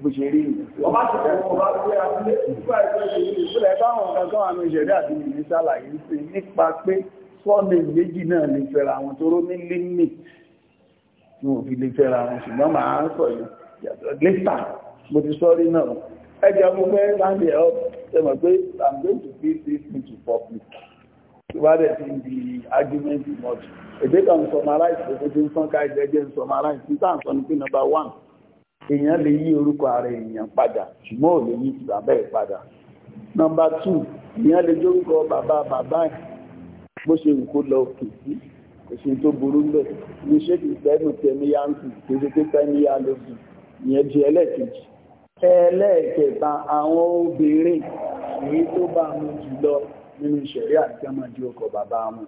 bó ṣe rí ni. ọba ti fẹ́ mọ̀ bá gbé abúlé nípa ìfẹ́ ìṣèlú ìpínlẹ̀ báwọn kan kan àmì ìṣẹ̀lẹ̀ àti ìrìn ṣàlàyé sí nípa pé sọ́ọ̀nì méjì náà lè fẹ́ra wọn tó ró ní límì tí wọ́n fi lè fẹ́ra wọn ṣùgbọ́n màá ń sọ ìwádẹ̀ ti ń di argument much ẹgbẹ́ta ń summarize ojú ń sọ́nká ìgbẹ́jẹ́ ń summarize títà ń sọ ní pé number one èèyàn lè yí orúkọ ara èèyàn padà ṣùgbọ́n ò lè yí ti bàbá ẹ̀ padà number two èèyàn lè jórúkọ bàbá bàbá ẹ̀ bó ṣe wù kó lọ òkè sí kò ṣe tó burú bẹ̀ ní ṣé kì í sẹ́nu tẹ̀míyá ń sùn kò ṣe pé tẹ̀míyá ló sùn ìyẹn di ẹlẹ́ẹ̀kejì ẹlẹ́ẹ̀kẹta àwọn obìnrin èyí tó bá mu jùlọ nínú ìṣẹ̀rí àti ọmọ di ọkọ̀ bàbá wọn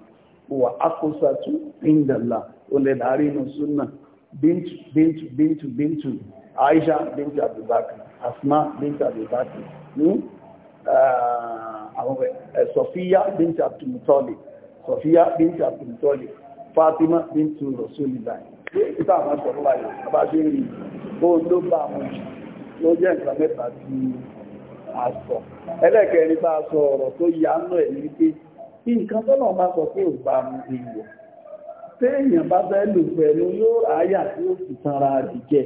wà akọ́sàtú píndàlá olè láàrin inú súnà bíntù bíntù bíntù bíntù aisha bíntù abubakar asma bíntù abubakar hmm? ah, ní sọfíyá bíntù abdulmutali sọfíyá bíntù abdulmutali fatima bíntù rasulillah ìta àwọn sọ̀rọ̀ báyìí abájẹ́rì ó ló bá àwọn ló jẹ́ nǹkan mẹ́ta àsọ ẹlẹ́kẹ̀ẹ́rin bá sọ ọ̀rọ̀ tó yà ń lọ ẹ̀mí pé bí nǹkan tọ́nà bá sọ pé ò bá mu èèyàn téèyàn bá fẹ́ lò pẹ̀lú yóò ráyà tí ó sì tanra àdìjẹ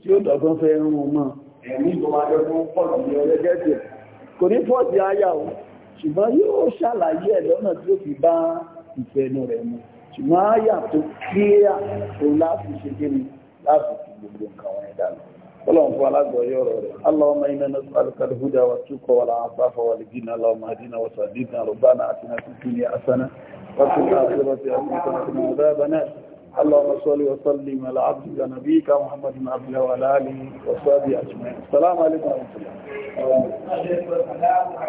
tí ó dọ̀gbọ́n fẹ́ rún un mọ́ ẹ̀mí tó máa jẹ́ fún pọ̀jù ọlẹ́gẹ́sẹ̀ kò ní pọ̀jù áyà o ṣùgbọ́n yóò ṣàlàyé ẹ̀ lọ́nà tí ó fi bá ìfẹ́nu rẹ̀ mu ṣùgbọ́n áyà tó kíá òun láti ṣe kí ni láti fi gbogbo nǹkan wọn ẹ̀dá lọ اللهم فعل alágbọ̀ọ́yọ́ ọ̀rọ̀ اللهم إنا نسألك الهدى والتقى والعفاف والغنى اللهم اهدنا وسددنا ربنا آتنا في الدنيا حسنة وفي الآخرة حسنة وقنا عذاب النار اللهم صل وسلم على عبدك نبيك محمد بن عبد الله وعلى آله وصحبه أجمعين السلام عليكم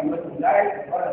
ورحمة الله